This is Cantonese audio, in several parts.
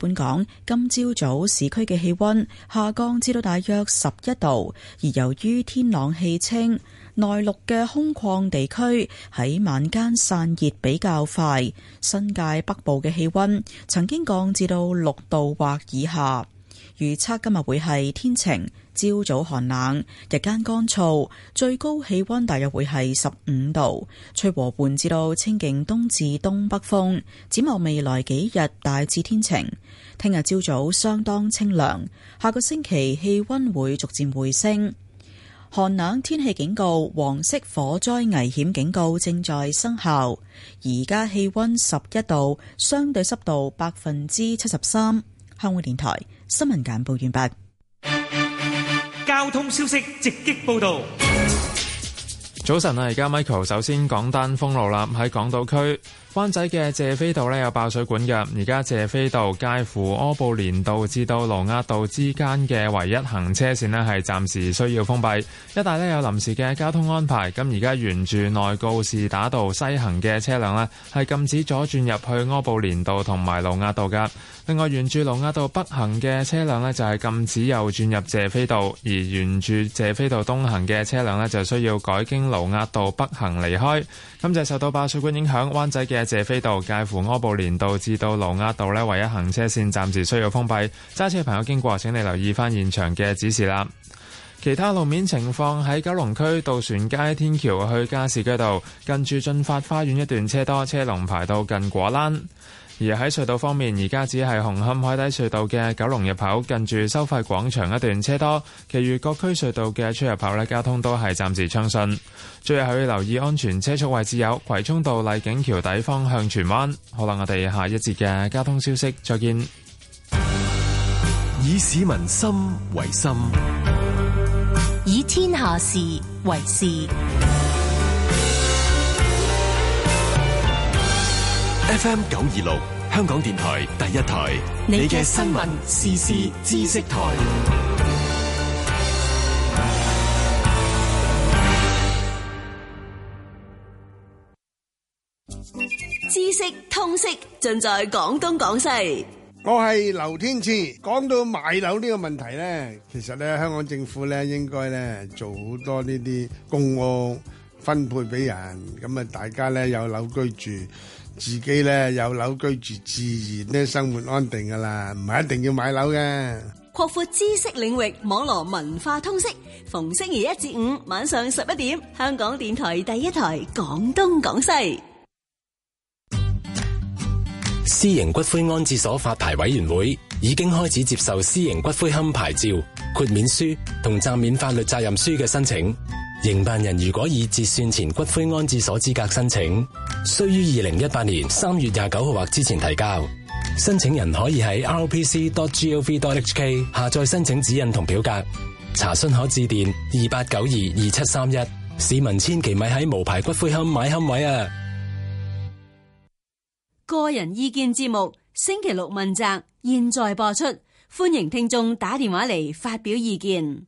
本港今朝早，早市區嘅氣溫下降至到大約十一度，而由於天朗氣清，內陸嘅空曠地區喺晚間散熱比較快。新界北部嘅氣溫曾經降至到六度或以下。預測今日會係天晴。朝早寒冷，日間乾燥，最高氣溫大約會係十五度，吹和緩至到清勁東至東北風。展望未來幾日大致天晴，聽日朝早相當清涼。下個星期氣溫會逐漸回升。寒冷天氣警告，黃色火災危險警告正在生效。而家氣溫十一度，相對濕度百分之七十三。香港電台新聞簡報完畢。交通消息直擊報道。早晨啊，而家 Michael 首先講單封路啦。喺港島區灣仔嘅謝斐道呢，有爆水管嘅，而家謝斐道介乎柯布連道至到盧押道之間嘅唯一行車線呢係暫時需要封閉。一帶呢有臨時嘅交通安排，咁而家沿住內告士打道西行嘅車輛呢係禁止左轉入去柯布連道同埋盧押道噶。另外，沿住盧押道北行嘅車輛呢，就係禁止右轉入謝斐道；而沿住謝斐道東行嘅車輛呢，就需要改經盧押道北行離開。今，就受到爆水管影響，灣仔嘅謝斐道介乎柯布連道至到盧押道呢，唯一行車線暫時需要封閉。揸車朋友經過，請你留意翻現場嘅指示啦。其他路面情況，喺九龍區渡船街天橋去加士居道近住進發花園一段車多，車龍排到近果欄。而喺隧道方面，而家只係紅磡海底隧道嘅九龍入口近住收費廣場一段車多，其餘各區隧道嘅出入口咧，交通都係暫時暢順。最後要留意安全車速位置，有葵涌道麗景橋底方向荃灣。好啦，我哋下一節嘅交通消息再見。以市民心為心，以天下事為事。FM 九二六，香港電台第一台，你嘅新聞、時事、知識台，知識通識盡在廣東廣西。我係劉天賜。講到買樓呢個問題呢，其實呢香港政府呢應該呢做好多呢啲公屋分配俾人，咁啊大家呢有樓居住。自己咧有樓居住，自然咧生活安定噶啦，唔係一定要買樓嘅。擴闊知識領域，網絡文化通識。逢星期一至五晚上十一點，香港電台第一台，廣東廣西。私營骨灰安置所發牌委員會已經開始接受私營骨灰龕牌照豁免書同暫免法律責任書嘅申請。營辦人如果以結算前骨灰安置所資格申請，需於二零一八年三月廿九號或之前提交。申請人可以喺 rpc.gov.hk 下載申請指引同表格，查詢可致電二八九二二七三一。市民千祈咪喺無牌骨灰龕買龕位啊！個人意見節目星期六問責，現在播出，歡迎聽眾打電話嚟發表意見。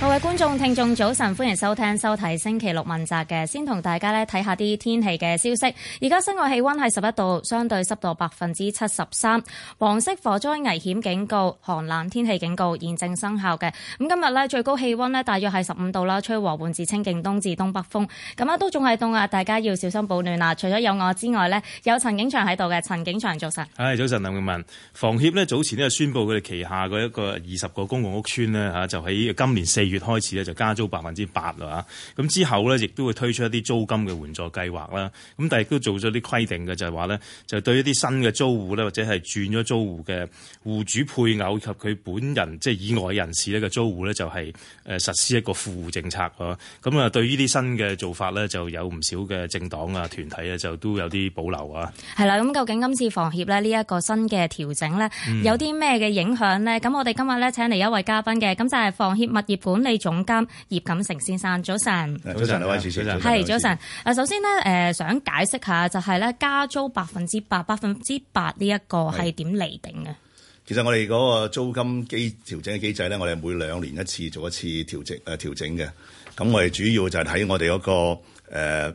各位觀眾、聽眾，早晨，歡迎收聽、收睇星期六問責嘅。先同大家呢睇下啲天氣嘅消息。而家室外氣温係十一度，相對濕度百分之七十三，黃色火災危險警告、寒冷天氣警告現正生效嘅。咁今日呢，最高氣温呢，大約係十五度啦。吹和緩至清勁東至東北風，咁啊都仲係凍啊！大家要小心保暖啊！除咗有我之外呢，有陳景祥喺度嘅，陳景祥早晨。係、哎、早晨，林詠雯，房協呢，早前呢，就宣布佢哋旗下嘅一個二十個公共屋邨呢，嚇就喺今年四月開始咧就加租百分之八啦嚇，咁之後咧亦都會推出一啲租金嘅援助計劃啦。咁但係都做咗啲規定嘅，就係話咧就對一啲新嘅租戶咧，或者係轉咗租戶嘅戶主配偶及佢本人即係以外人士呢嘅租戶咧，就係誒實施一個富戶政策咯。咁啊對於啲新嘅做法咧就有唔少嘅政黨啊團體啊就都有啲保留啊。係啦，咁究竟今次房協咧呢一個新嘅調整咧、嗯、有啲咩嘅影響咧？咁我哋今日咧請嚟一位嘉賓嘅，咁就係房協物業管。管理總監葉錦成先生，早晨。早晨，兩位主持。係早晨。啊是，晨首先咧，誒、呃，想解釋下，就係咧加租百分之百，百分之八呢一個係點嚟定嘅？其實我哋嗰個租金機調整嘅機制咧，我哋每兩年一次做一次調整誒調整嘅。咁、呃、我哋主要就係喺我哋嗰、那個誒。呃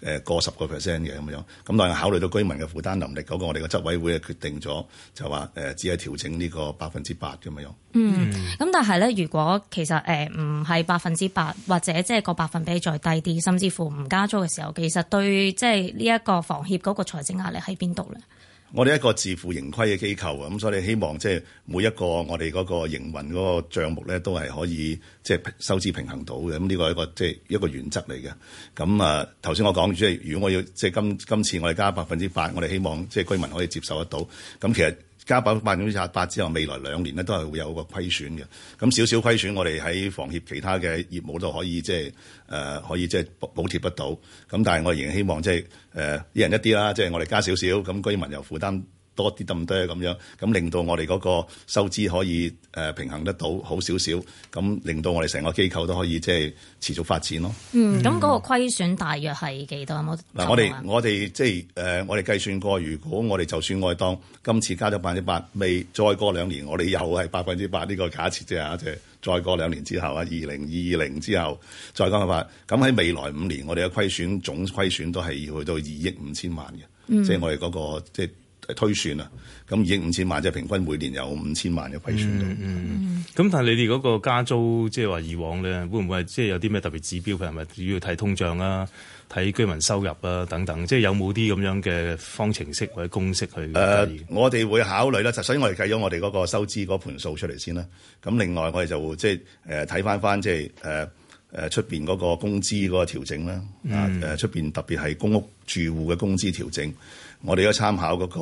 誒過十個 percent 嘅咁樣，咁但係考慮到居民嘅負擔能力嗰個，我哋嘅執委會係決定咗，就話誒只係調整呢個百分之八咁樣。嗯，咁但係咧，如果其實誒唔係百分之八，或者即係個百分比再低啲，甚至乎唔加租嘅時候，其實對即係呢一個房協嗰個財政壓力喺邊度咧？我哋一個自負盈虧嘅機構啊，咁所以希望即係每一個我哋嗰個營運嗰個帳目咧，都係可以即係收支平衡到嘅。咁呢個一個即係一個原則嚟嘅。咁啊，頭先我講即係如果我要即係今今次我哋加百分之八，我哋希望即係居民可以接受得到。咁其實。加百分之廿八之後，未來兩年咧都係會有個虧損嘅。咁少少虧損，我哋喺房協其他嘅業務都可以即係誒，可以即係、呃呃、補貼得到。咁但係我仍然希望即係誒一人一啲啦，即係我哋加少少，咁居民又負擔。多啲得咁多咁樣，咁令到我哋嗰個收支可以誒、呃、平衡得到好少少，咁令到我哋成個機構都可以即係持續發展咯。嗯，咁嗰個虧損大約係幾多、嗯？我嗱，我哋我哋即係誒、呃，我哋計算過，如果我哋就算我當今次加咗百分之八，未再過兩年，我哋又係百分之八呢個假設啫啊，即係再過兩年之後啊，二零二零之後再加翻，咁喺未來五年，我哋嘅虧損總虧損都係要去到二億五千萬嘅、嗯嗰個，即係我哋嗰個即係。推算啊，咁二億五千萬即係平均每年有五千萬嘅虧損。咁、嗯嗯嗯、但係你哋嗰個加租，即係話以往咧，會唔會係即係有啲咩特別指標？係咪主要睇通脹啊，睇居民收入啊等等？即、就、係、是、有冇啲咁樣嘅方程式或者公式去誒、呃，我哋會考慮啦，就所以我哋計咗我哋嗰個收支嗰盤數出嚟先啦。咁另外我哋就即係誒睇翻翻即係誒誒出邊嗰個工資嗰個調整啦。誒、嗯，出邊、呃呃、特別係公屋住戶嘅工資調整。我哋而家參考嗰個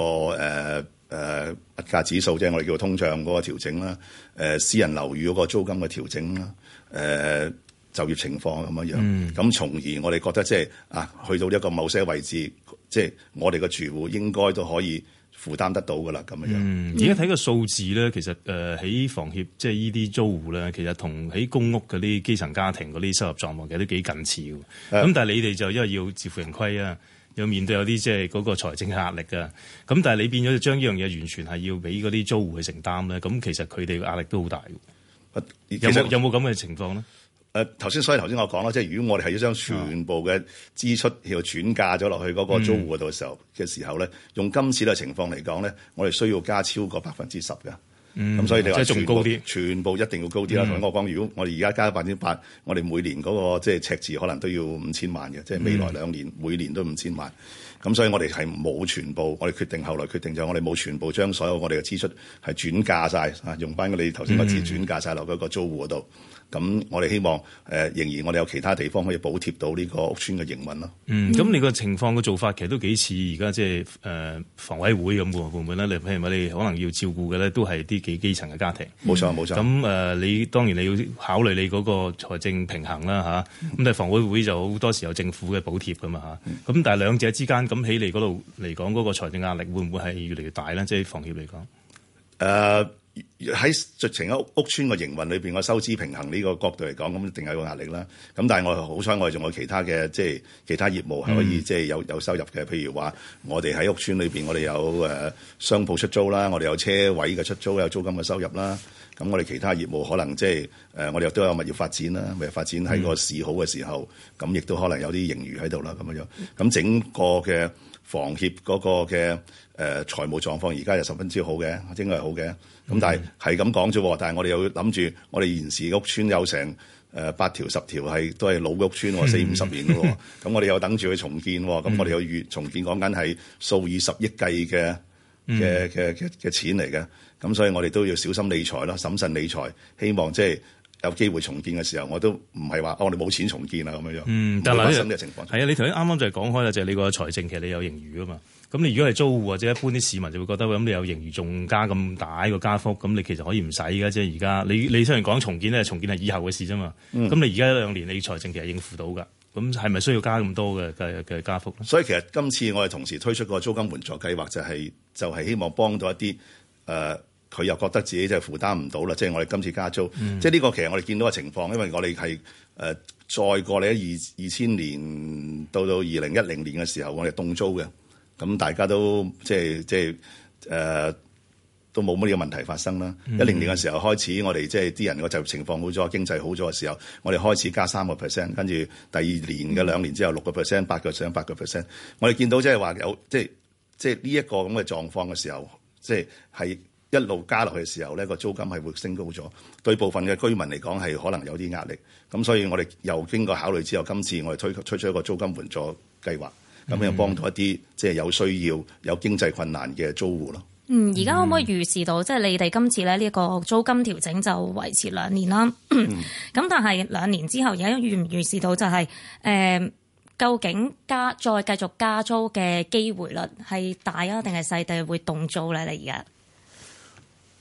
誒物價指數即係，我哋叫通脹嗰個調整啦，誒私人樓宇嗰個租金嘅調整啦，誒就業情況咁樣樣，咁從而我哋覺得即係啊，去到一個某些位置，即係我哋嘅住戶應該都可以負擔得到噶啦，咁樣樣。而家睇個數字咧，其實誒喺房協即係依啲租戶咧，其實同喺公屋嗰啲基層家庭嗰啲收入狀況其實都幾近似嘅。咁但係你哋就因為要自負盈虧啊。要面對有啲即係嗰個財政嘅壓力㗎，咁但係你變咗將呢樣嘢完全係要俾嗰啲租戶去承擔咧，咁其實佢哋嘅壓力都好大嘅實。有有冇咁嘅情況咧？誒、呃，頭先所以頭先我講啦，即係如果我哋係要將全部嘅支出要轉嫁咗落去嗰個租戶度嘅時候嘅、嗯、時候咧，用今次嘅情況嚟講咧，我哋需要加超過百分之十㗎。咁、嗯、所以你話仲高啲，全部一定要高啲啦。嗯、同我講，如果我哋而家加咗百分之八，我哋每年嗰個即係赤字可能都要五千萬嘅。即、就、係、是、未來兩年、嗯、每年都五千萬。咁所以我哋係冇全部，我哋決定後來決定就我哋冇全部將所有我哋嘅支出係轉嫁晒，啊，用翻個你頭先個字轉嫁晒落嗰個租戶嗰度。咁我哋希望誒、呃、仍然我哋有其他地方可以補貼到呢個屋邨嘅營運咯。嗯，咁你個情況嘅做法其實都幾似而家即係誒房委會咁，會唔會咧？你譬如話你可能要照顧嘅咧，都係啲幾基層嘅家庭。冇錯冇錯。咁誒、嗯呃，你當然你要考慮你嗰個財政平衡啦，吓、啊。咁但係房委會就好多時候政府嘅補貼㗎嘛，吓、啊。咁但係兩者之間咁起嚟嗰度嚟講嗰個財政壓力會唔會係越嚟越大咧？即、就、係、是、房協嚟講誒。呃喺直情一屋村嘅營運裏邊，個收支平衡呢個角度嚟講，咁一定有一個壓力啦。咁但係我好彩，我哋仲有其他嘅，即、就、係、是、其他業務係可以即係有有收入嘅。譬、嗯、如話，我哋喺屋村裏邊，我哋有誒商鋪出租啦，我哋有車位嘅出租，有租金嘅收入啦。咁我哋其他業務可能即係誒，就是、我哋都有物業發展啦，物業發展喺個市好嘅時候，咁亦都可能有啲盈餘喺度啦。咁樣，咁整個嘅房協嗰個嘅。誒財務狀況而家又十分之好嘅，應該係好嘅。咁但係係咁講啫喎，但係我哋又諗住，我哋現時屋邨有成誒八條十條係都係老屋邨喎，四五十年嘅喎。咁我哋又等住去重建，咁我哋又預重建講緊係數以十億計嘅嘅嘅嘅錢嚟嘅。咁所以我哋都要小心理財啦，審慎理財。希望即係有機會重建嘅時候，我都唔係話我哋冇錢重建啊咁樣樣。嗯，但係係啊，你頭先啱啱就係講開啦，就係你個財政其實你有盈餘啊嘛。咁你如果係租戶或者一般啲市民，就會覺得咁、哎、你有盈餘，仲加咁大個加幅，咁你其實可以唔使噶。即係而家你你雖然講重建咧，重建係以後嘅事啫嘛。咁、嗯、你而家一兩年，你財政其實應付到噶。咁係咪需要加咁多嘅嘅嘅加幅咧？所以其實今次我哋同時推出個租金援助計劃，就係，就係就係希望幫到一啲誒佢又覺得自己就係負擔唔到啦。即、就、係、係、我哋今次加租，嗯、即係呢個其實我哋見到嘅情況，因為我哋係誒再過嚟二二千年到到二零一零年嘅時候，我哋凍租嘅。咁大家都即係即係誒、呃、都冇乜嘢問題發生啦。Mm hmm. 一零年嘅時候開始我，我哋即係啲人個就業情況好咗，經濟好咗嘅時候，我哋開始加三個 percent，跟住第二年嘅兩年之後六個 percent，八個 percent，八個 percent，我哋見到即係話有即係即係呢一個咁嘅狀況嘅時候，即係係一路加落去嘅時候咧，個租金係會升高咗，對部分嘅居民嚟講係可能有啲壓力。咁所以我哋又經過考慮之後今次我哋推推出一個租金援助計劃。咁樣、嗯、幫到一啲即係有需要、有經濟困難嘅租戶咯。嗯，而家可唔可以預示到？嗯、即係你哋今次咧呢個租金調整就維持兩年啦。咁、嗯、 但係兩年之後，而家預唔預示到就係、是、誒、呃，究竟加再繼續加租嘅機會率係大啊，定係細？定係會凍租咧？你而家？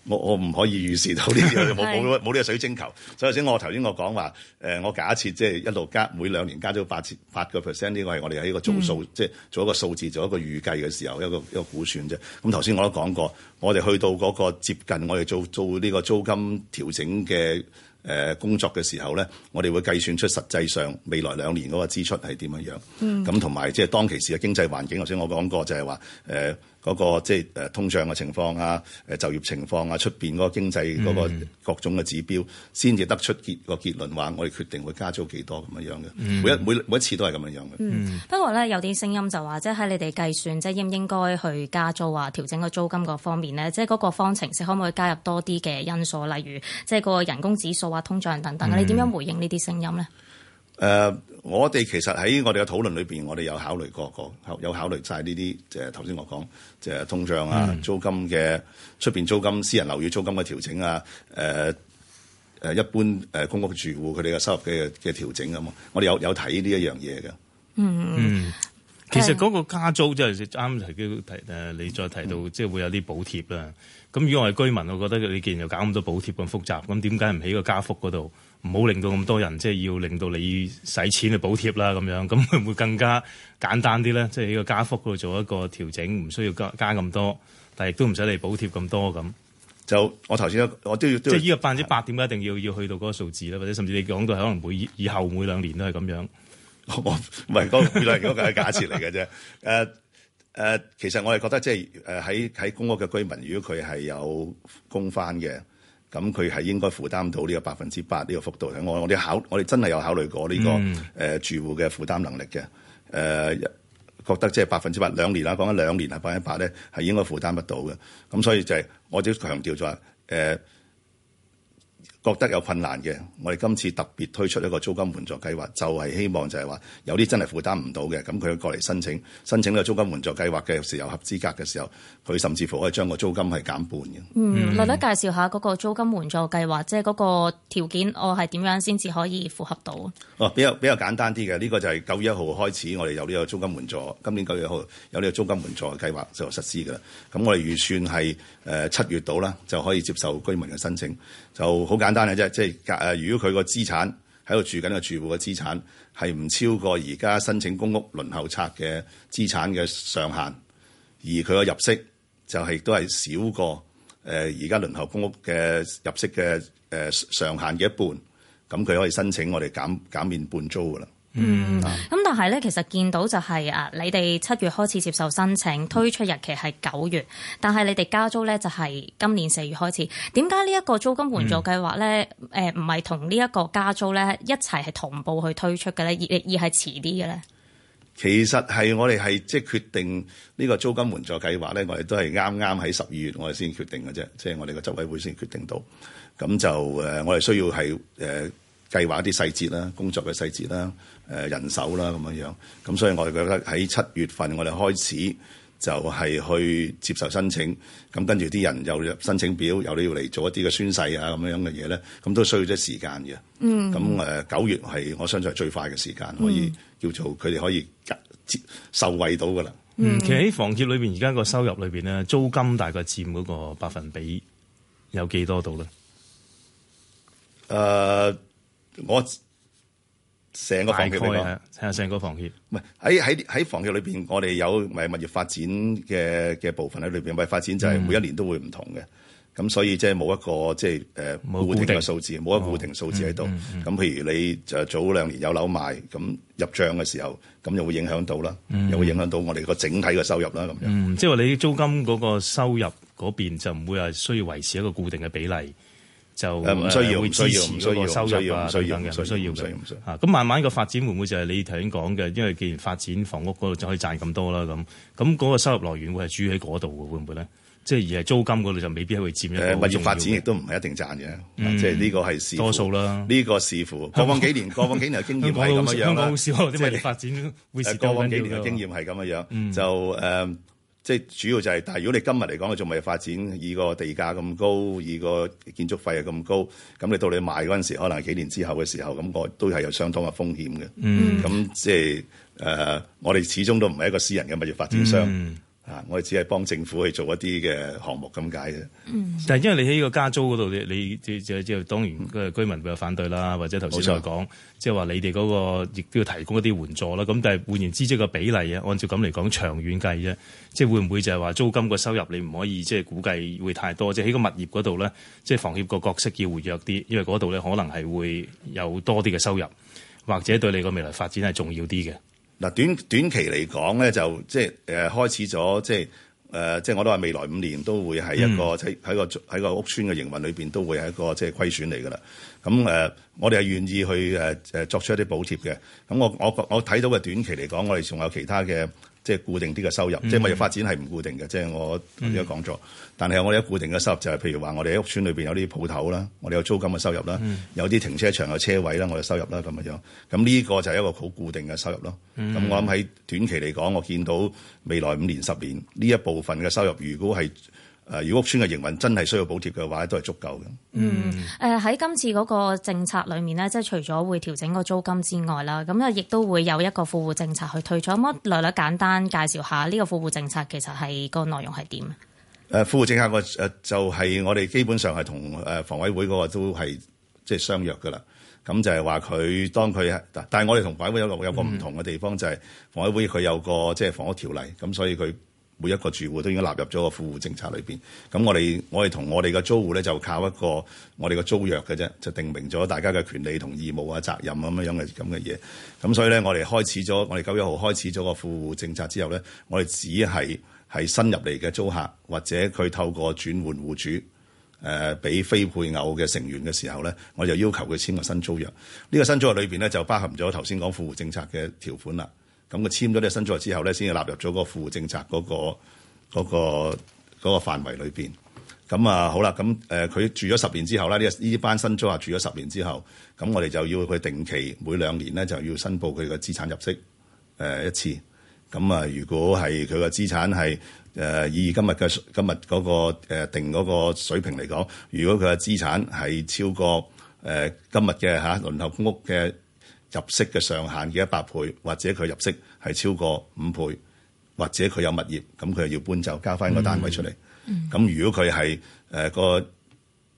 我我唔可以預示到呢啲，冇冇冇呢個水晶球。所以頭先我頭先我講話，誒、呃，我假設即係一路加，每兩年加咗八千八個 percent。呢個係我哋喺呢個做數，即係、嗯、做一個數字，做一個預計嘅時候，一個一個估算啫。咁頭先我都講過，我哋去到嗰個接近我哋做做呢個租金調整嘅誒、呃、工作嘅時候咧，我哋會計算出實際上未來兩年嗰個支出係點樣樣。嗯，咁同埋即係當其時嘅經濟環境，頭先我講過就係話誒。呃呃嗰個即係誒通脹嘅情況啊，誒就業情況啊，出邊嗰個經濟嗰個各種嘅指標，先至、嗯、得出結個結論話，我哋決定會加租幾多咁樣樣嘅。每一每每一次都係咁樣樣嘅。嗯，不過咧有啲聲音就話，即係喺你哋計算，即係應唔應該去加租啊，調整個租金嗰方面咧，即係嗰個方程式可唔可以加入多啲嘅因素，例如即係個人工指數啊、通脹等等。你點樣回應呢啲聲音咧？誒、嗯。嗯嗯嗯我哋其實喺我哋嘅討論裏邊，我哋有考慮過個有考慮晒呢啲，即係頭先我講，即係通脹啊、租金嘅出邊租金、私人樓宇租金嘅調整啊、誒、呃、誒一般誒公屋住戶佢哋嘅收入嘅嘅調整咁啊，我哋有有睇呢一樣嘢嘅。嗯。嗯其實嗰個加租即係啱提到，誒你再提到即係會有啲補貼啦。咁如果我係居民，我覺得你既然又搞咁多補貼咁複雜，咁點解唔喺個加幅嗰度唔好令到咁多人即係要令到你使錢去補貼啦？咁樣咁會唔會更加簡單啲咧？即係喺個加幅嗰度做一個調整，唔需要加加咁多，但係亦都唔使你補貼咁多咁。就我頭先，我都要即係呢個百分之八點一定要要去到嗰個數字咧，或者甚至你講到可能每以後每兩年都係咁樣。我唔係個，原來係個假設嚟嘅啫。誒、呃、誒、呃，其實我哋覺得即係誒喺喺公屋嘅居民，如果佢係有供翻嘅，咁佢係應該負擔到呢個百分之八呢個幅度。我我哋考，我哋真係有考慮過呢、這個誒、呃、住戶嘅負擔能力嘅。誒、呃、覺得即係百分之八兩年啦，講緊兩年啊，百分之八咧係應該負擔得到嘅。咁所以就係、是、我只強調咗話誒，呃覺得有困難嘅，我哋今次特別推出一個租金援助計劃，就係、係、希望就係話有啲真係負擔唔到嘅咁，佢過嚟申請申請呢個租金援助計劃嘅時候合資格嘅時候，佢甚至乎可以將個租金係減半嘅。嗯，落嚟介紹下嗰個租金援助計劃，即係嗰個條件，我係點樣先至可以符合到？哦，比較比較簡單啲嘅呢個就係九月一號開始，我哋有呢個租金援助。今年九月一號有呢個租金援助計劃就實施㗎。咁我哋預算係誒七月度啦，就可以接受居民嘅申請。就好簡單嘅啫，即係誒，如果佢個資產喺度住緊個住戶嘅資產係唔超過而家申請公屋輪候冊嘅資產嘅上限，而佢個入息就係、是、都係少過誒而家輪候公屋嘅入息嘅誒、呃、上限嘅一半，咁佢可以申請我哋減減免半租噶啦。嗯，咁但係咧，其實見到就係、是、啊，你哋七月開始接受申請，推出日期係九月，但係你哋加租咧就係今年四月開始。點解呢一個租金援助計劃咧，誒唔係同呢一個加租咧一齊係同步去推出嘅咧，而而係遲啲嘅咧？其實係我哋係即係決定呢個租金援助計劃咧，我哋都係啱啱喺十二月我哋先決定嘅啫，即、就、係、是、我哋個執委會先決定到，咁就誒、呃，我哋需要係誒。呃計劃啲細節啦，工作嘅細節啦，誒、呃、人手啦咁樣樣，咁所以我哋覺得喺七月份我哋開始就係去接受申請，咁跟住啲人又入申請表，又要嚟做一啲嘅宣誓啊咁樣嘅嘢咧，咁都需要啲時間嘅。嗯，咁誒、呃、九月係我相信係最快嘅時間，嗯、可以叫做佢哋可以受惠到噶啦。嗯，嗯、其實喺房協裏邊，而家個收入裏邊咧，租金大概佔嗰個百分比有幾多度咧？誒、呃。我成個房協啊，睇下成個房協。唔係喺喺喺房協裏邊，我哋有係物業發展嘅嘅部分喺裏邊。物業發展就係每一年都會唔同嘅，咁、嗯、所以即係冇一個即係誒、呃、固定嘅數字，冇一、哦、個固定數字喺度。咁、嗯嗯、譬如你就早兩年有樓賣，咁入帳嘅時候，咁又會影響到啦，嗯、又會影響到我哋個整體嘅收入啦。咁樣，嗯、即係話你租金嗰個收入嗰邊就唔會話需要維持一個固定嘅比例。就唔、嗯、需要，唔需要，需要，需要，唔需要，唔需要，唔需要。嚇！咁、嗯、慢慢個發展會唔會就係你頭先講嘅？因為既然發展房屋嗰度就可以賺咁多啦，咁咁嗰個收入來源會係住喺嗰度嘅，會唔會咧？即係而係租金嗰度就未必會佔一個重要。發、嗯、展亦都唔係一定賺嘅，即係呢個係、嗯、多數啦。呢個視乎過， 過往幾年，過往幾年經驗係咁樣樣啦。 香港香港小發展會少啲過往幾年嘅經驗係咁樣樣，嗯、就誒。Um, 即係主要就係、是，但係如果你今日嚟講，佢仲未發展，以個地價咁高，以個建築費又咁高，咁你到你賣嗰陣時，可能係幾年之後嘅時候，咁我都係有相當嘅風險嘅。嗯。咁即係誒，我哋始終都唔係一個私人嘅物業發展商。嗯。啊！我只係幫政府去做一啲嘅項目咁解啫。嗯，但係因為你喺呢個加租嗰度，你你即即即當然居民會有反對啦，或者頭先再講，即係話你哋嗰個亦都要提供一啲援助啦。咁但係換言之，即係個比例啊，按照咁嚟講，長遠計啫，即係會唔會就係話租金個收入你唔可以即係估計會太多？即係喺個物業嗰度咧，即係房協個角色要活躍啲，因為嗰度咧可能係會有多啲嘅收入，或者對你個未來發展係重要啲嘅。嗱，短短期嚟講咧，就即係誒開始咗，即係誒、呃、即係我都話未來五年都會係一個喺喺、嗯、個喺個屋邨嘅營運裏邊都會係一個即係虧損嚟噶啦。咁誒、呃，我哋係願意去誒誒、呃、作出一啲補貼嘅。咁我我我睇到嘅短期嚟講，我哋仲有其他嘅。即係固定啲嘅收入，嗯、即係我哋發展係唔固定嘅。即、就、係、是、我呢家講咗，嗯、但係我有固定嘅收，收入，就係譬如話我哋喺屋村裏邊有啲鋪頭啦，我哋有租金嘅收入啦，有啲停車場嘅車位啦，我哋收入啦咁樣。咁呢個就係一個好固定嘅收入咯。咁、嗯、我諗喺短期嚟講，我見到未來五年十年呢一部分嘅收入，如果係。誒，如果屋邨嘅營運真係需要補貼嘅話，都係足夠嘅。嗯，誒喺今次嗰個政策裏面咧，即係除咗會調整個租金之外啦，咁咧亦都會有一個富戶政策去退咗乜？可唔可以略略簡單介紹下呢個富戶政策其實係、嗰個內容係點？誒富戶政策個誒就係我哋基本上係同誒房委會嗰個都係即係相約噶啦。咁就係話佢當佢，但係我哋同房委會有有個唔同嘅地方、嗯、就係房委會佢有個即係、就是、房屋條例，咁所以佢。每一個住戶都已經納入咗個富戶政策裏邊，咁我哋我哋同我哋嘅租戶咧就靠一個我哋嘅租約嘅啫，就定明咗大家嘅權利同義務啊、責任咁樣樣嘅咁嘅嘢。咁所以咧，我哋開始咗我哋九月號開始咗個富戶政策之後咧，我哋只係係新入嚟嘅租客或者佢透過轉換戶主誒俾、呃、非配偶嘅成員嘅時候咧，我就要求佢簽個新租約。呢、這個新租約裏邊咧就包含咗頭先講富戶政策嘅條款啦。咁佢簽咗呢個新租之後咧，先要納入咗個富戶政策嗰、嗰個嗰、嗰個嗰、嗰個範圍裏邊。咁啊，好啦，咁誒佢住咗十年之後啦，呢呢班新租客住咗十年之後，咁我哋就要佢定期每兩年咧就要申報佢嘅資產入息誒、呃、一次。咁啊、呃，如果係佢嘅資產係誒、呃、以今日嘅、呃、今日嗰個定嗰個水平嚟講，如果佢嘅資產係超過誒、呃、今日嘅吓，輪候公屋嘅入息嘅上限嘅一百倍，或者佢入息係超過五倍，或者佢有物業，咁佢又要搬走，交翻個單位出嚟。咁、嗯、如果佢係誒個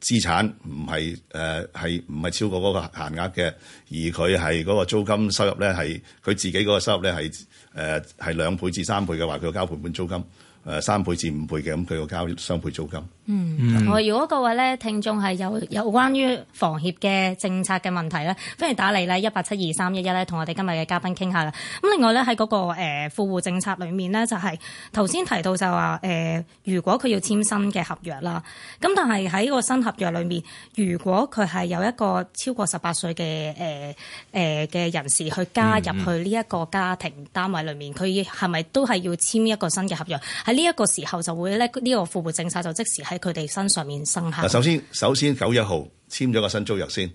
資產唔係誒係唔係超過嗰個限額嘅，而佢係嗰個租金收入咧係佢自己嗰個收入咧係誒係兩倍至三倍嘅話，佢要交倍半租金。誒三倍至五倍嘅，咁佢要交雙倍租金。嗯，嗯，我如果各位咧聽眾係有有關於房協嘅政策嘅問題咧，歡迎打嚟，咧一八七二三一一咧，同我哋今日嘅嘉賓傾下啦。咁另外咧喺嗰個誒富戶政策裏面咧、就是，就係頭先提到就話誒、呃，如果佢要簽新嘅合約啦，咁但係喺個新合約裏面，如果佢係有一個超過十八歲嘅誒誒嘅人士去加入去呢一個家庭單位裏面，佢係咪都係要簽一個新嘅合約？喺？呢一個時候就會咧，呢、這個富戶政策就即時喺佢哋身上面生效。首先首先九一號簽咗個新租約先，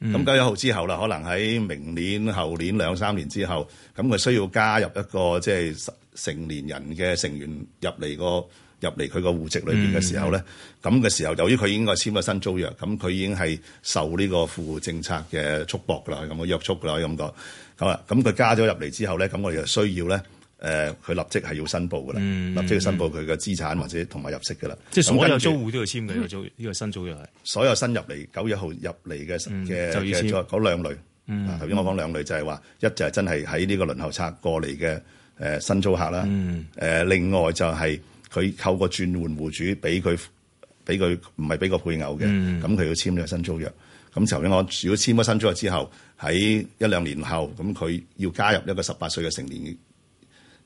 咁九一號之後啦，可能喺明年、後年兩三年之後，咁佢需要加入一個即係成年人嘅成員入嚟個入嚟佢個戶籍裏邊嘅時候咧，咁嘅、嗯、時候由於佢已經係簽咗新租約，咁佢已經係受呢個富戶政策嘅束縛啦，咁嘅約束啦，可以咁講。咁佢加咗入嚟之後咧，咁我哋就需要咧。誒，佢立即係要申報嘅啦，立即要申報佢嘅資產或者同埋入息嘅啦。即係所有租戶都要簽嘅，租呢個新租約係所有新入嚟九月號入嚟嘅嘅嘅就要簽嗰兩類。頭先我講兩類就係話一就係真係喺呢個輪候冊過嚟嘅誒新租客啦。誒另外就係佢透過轉換戶主俾佢俾佢唔係俾個配偶嘅咁，佢要簽呢個新租約。咁頭先我如果簽咗新租約之後，喺一兩年後咁，佢要加入一個十八歲嘅成年。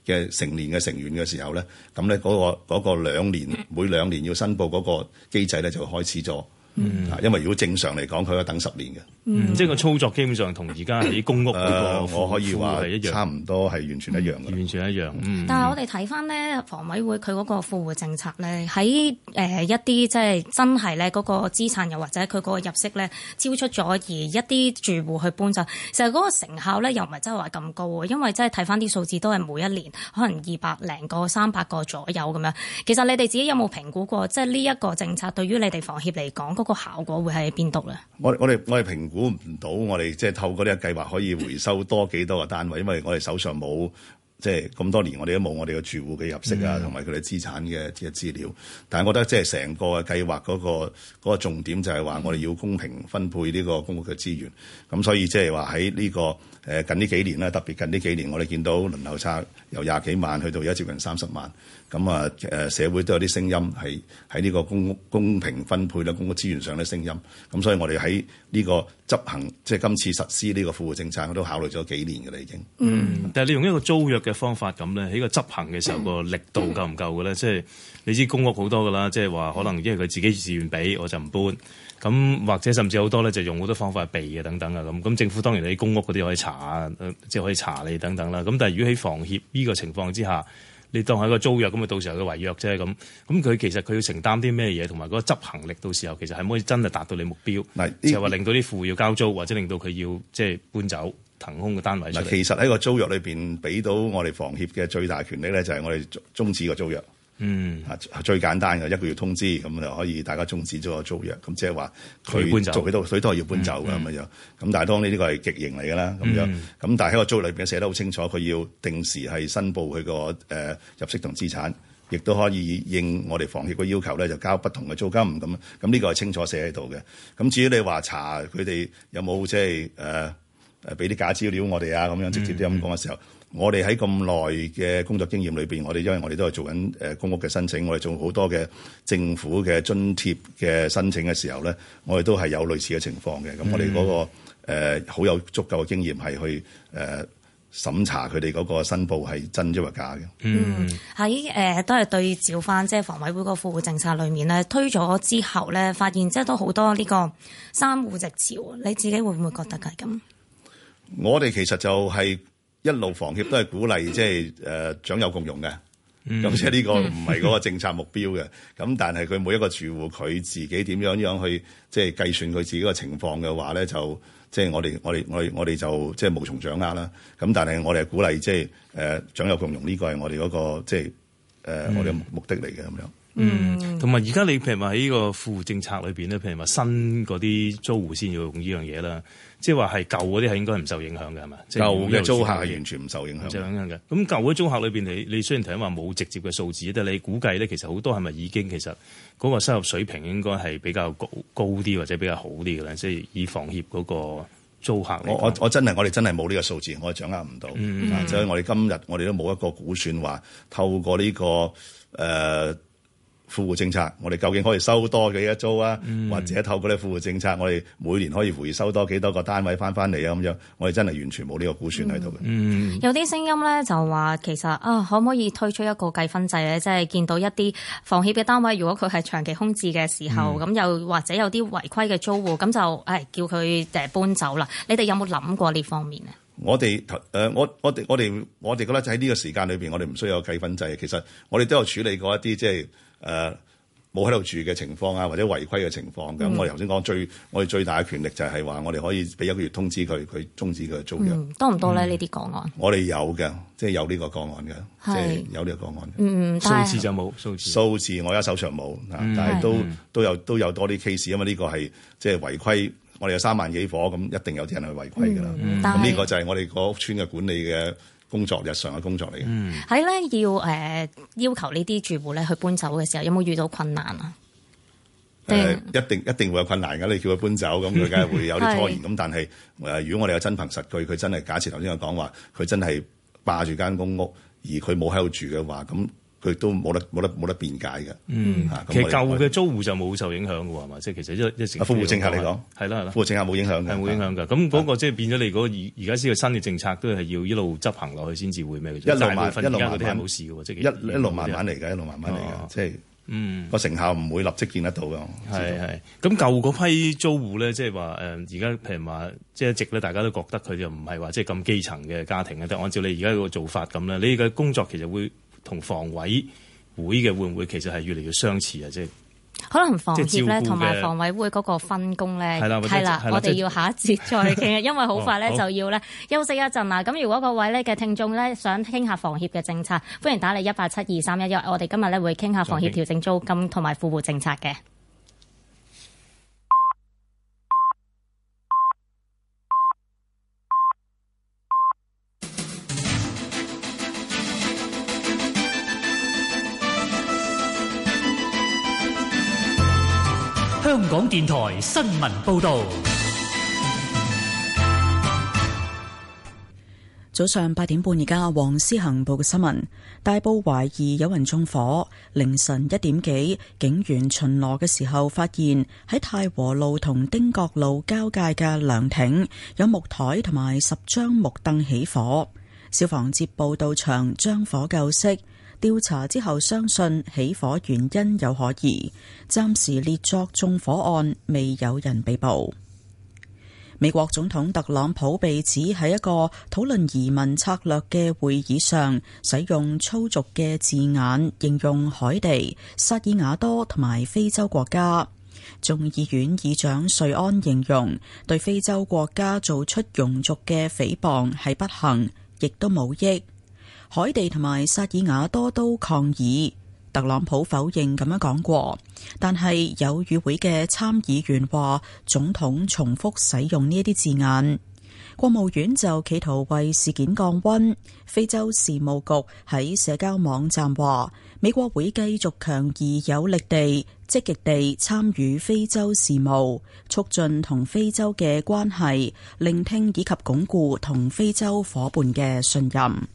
嘅成年嘅成員嘅時候咧，咁咧嗰個嗰個兩年每兩年要申報嗰個機制咧就開始咗。嗯，因為如果正常嚟講，佢要等十年嘅，嗯，即係個操作基本上同而家喺公屋嗰個、 呃、我可以話係一樣，差唔多係完全一樣嘅、嗯，完全一樣。嗯，嗯但係我哋睇翻呢房委會佢嗰個富戶政策咧，喺誒一啲即係真係咧嗰個資產又或者佢嗰個入息咧超出咗，而一啲住戶去搬走，其實嗰個成效咧又唔係真係話咁高喎，因為真係睇翻啲數字都係每一年可能二百零個、三百個左右咁樣。其實你哋自己有冇評估過，即係呢一個政策對於你哋房協嚟講？個效果會喺邊度咧？我我哋我哋評估唔到，我哋即係透過呢個計劃可以回收多幾多個單位，因為我哋手上冇，即係咁多年我哋都冇我哋嘅住戶嘅入息啊，同埋佢哋資產嘅嘅資料。但係我覺得即係成個計劃嗰個、嗰個重點就係話，我哋要公平分配呢個公屋嘅資源。咁所以即係話喺呢個。誒近呢幾年咧，特別近呢幾年，我哋見到輪候差由廿幾萬去到而家接近三十萬，咁啊誒社會都有啲聲音係喺呢個公公平分配咧、公屋資源上嘅聲音，咁所以我哋喺呢個執行即係今次實施呢個富戶政策，我都考慮咗幾年嘅啦已經。嗯，但係你用一個租約嘅方法咁咧，喺個執行嘅時候個 力度夠唔夠嘅咧？即係你知公屋好多㗎啦，即係話可能因為佢自己自願俾，我就唔搬。咁或者甚至好多咧，就用好多方法避嘅等等啊咁。咁政府當然你公屋嗰啲可以查啊，即係可以查你等等啦。咁但係如果喺房協呢個情況之下，你當係一個租約，咁啊，到時候嘅違約啫咁。咁佢其實佢要承擔啲咩嘢，同埋嗰個執行力到時候其實係唔可以真係達到你目標。係又話令到啲戶要交租，或者令到佢要即係搬走騰空個單位出嚟。其實喺個租約裏邊俾到我哋房協嘅最大權力咧，就係我哋終止個租約。嗯，啊最簡單嘅一個月通知，咁就可以大家終止咗個租約。咁即係話佢搬走，佢都係要搬走嘅咁樣。咁、嗯嗯、但係當呢個係極刑嚟㗎啦。咁樣咁但係喺個租裏邊寫得好清楚，佢要定時係申報佢個誒入息同資產，亦都可以應我哋房協嘅要求咧，就交不同嘅租金。咁咁呢個係清楚寫喺度嘅。咁至於你話查佢哋有冇即係誒誒俾啲假資料我哋啊，咁樣直接啲咁講嘅時候。嗯嗯我哋喺咁耐嘅工作經驗裏邊，我哋因為我哋都係做緊誒公屋嘅申請，我哋做好多嘅政府嘅津貼嘅申請嘅時候咧，我哋都係有類似嘅情況嘅。咁我哋嗰個誒好有足夠嘅經驗係去誒審查佢哋嗰個申報係真之或假嘅。嗯，喺誒、呃、都係對照翻即係房委會個個富戶政策裏面咧推咗之後咧，發現即係都好多呢個三戶直潮，你自己會唔會覺得係咁？嗯、我哋其實就係、是。一路房協都係鼓勵即係誒長幼共融嘅，咁、嗯、即係呢個唔係嗰個政策目標嘅。咁 但係佢每一個住戶佢自己點樣樣去即係計算佢自己個情況嘅話咧，就即係我哋我哋我我哋就即係無從掌握啦。咁但係我哋係鼓勵即係誒、呃、長幼共融呢個係我哋嗰、那個即係誒、呃、我哋嘅目的嚟嘅咁樣。嗯，同埋而家你譬如話喺呢個富戶政策裏邊咧，譬如話新嗰啲租戶先要用呢樣嘢啦，即係話係舊嗰啲係應該唔受影響嘅係嘛？舊嘅租客係完全唔受影響。咁樣嘅，咁舊嘅租客裏邊，你你雖然頭先話冇直接嘅數字，但係你估計咧，其實好多係咪已經其實嗰個收入水平應該係比較高高啲或者比較好啲嘅咧，即係以房協嗰個租客我。我我真係我哋真係冇呢個數字，我掌握唔到，嗯、所以我哋今日我哋都冇一個估算話透過呢、這個誒。呃富戶政策，我哋究竟可以收多幾多租啊？嗯、或者透過呢富戶政策，我哋每年可以回收多幾多個單位翻翻嚟啊？咁樣我哋真係完全冇呢個估算喺度嘅。嗯，嗯有啲聲音咧就話其實啊，可唔可以推出一個計分制咧？即係見到一啲房協嘅單位，如果佢係長期空置嘅時候，咁、嗯、又或者有啲違規嘅租戶，咁就誒、哎、叫佢誒搬走啦。你哋有冇諗過呢方面啊、呃？我哋誒，我我哋我哋我哋覺得就喺呢個時間裏邊，我哋唔需要計分制。其實我哋都有處理過一啲即係。誒冇喺度住嘅情況啊，或者違規嘅情況嘅，咁、嗯、我頭先講最我哋最大嘅權力就係話，我哋可以俾一個月通知佢，佢終止佢嘅租約，嗯、多唔多咧？呢啲個案我哋有嘅，即、就、係、是、有呢個個案嘅，即係、嗯、有呢個，個案嘅。嗯嗯，數字就冇數字，數字我而家手上冇，嗯、但係都的都有都有多啲 case，因為呢個係即係違規，我哋有三萬幾伙咁一定有啲人去違規㗎啦。咁呢、嗯嗯嗯、個就係我哋個屋邨嘅管理嘅。工作日常嘅工作嚟嘅，喺咧、嗯、要誒、呃、要求呢啲住戶咧去搬走嘅時候，有冇遇到困難啊？誒、呃，一定一定會有困難噶，你叫佢搬走，咁佢梗係會有啲拖延。咁但係誒、呃，如果我哋有真憑實據，佢真係假設頭先我講話，佢真係霸住間公屋，而佢冇喺度住嘅話，咁。佢都冇得冇得冇得辯解嘅。嗯，其實舊嘅租戶就冇受影響嘅喎，係嘛？即係其實一一成。啊，富戶政策嚟講係啦，係啦，富戶政策冇影響嘅。係冇影響㗎。咁嗰個即係變咗你嗰個而而家先嘅新嘅政策都係要一路執行落去先至會咩嘅。一路慢慢，而家啲係冇事嘅喎，即係一一路慢慢嚟㗎，一路慢慢嚟㗎，即係嗯個成效唔會立即見得到㗎。係係。咁舊嗰批租戶咧，即係話誒，而家譬如話即係值咧，大家都覺得佢就唔係話即係咁基層嘅家庭嘅，但係按照你而家個做法咁咧，你嘅工作其實會。同房委會嘅會唔會其實係越嚟越相似啊？即係可能房協咧同埋房委會嗰個分工咧，係啦，我哋要下一節再傾啊！ 因為好快咧就要咧休息一陣啦。咁、哦、如果各位咧嘅聽眾咧想傾下房協嘅政策，歡迎打嚟一八七二三一一。我哋今日咧會傾下房協調整租金同埋富戶政策嘅。香港電台新聞報道：早上八點半，而家黃思行報嘅新聞，大埔懷疑有人縱火。凌晨一點幾，警員巡邏嘅時候，發現喺太和路同丁角路交界嘅涼亭有木台同埋十張木凳起火，消防接報到場將火救熄。調查之後，相信起火原因有可疑，暫時列作縱火案，未有人被捕。美國總統特朗普被指喺一個討論移民策略嘅會議上，使用粗俗嘅字眼，形容海地、薩爾瓦多同埋非洲國家。眾議院議長瑞安形容對非洲國家做出庸俗嘅誹謗係不幸，亦都冇益。海地同埋薩爾瓦多都抗議，特朗普否認咁樣講過，但係有與會嘅參議員話，總統重複使用呢一啲字眼。國務院就企圖為事件降溫。非洲事務局喺社交網站話，美國會繼續強而有力地、積極地參與非洲事務，促進同非洲嘅關係，聆聽以及鞏固同非洲夥伴嘅信任。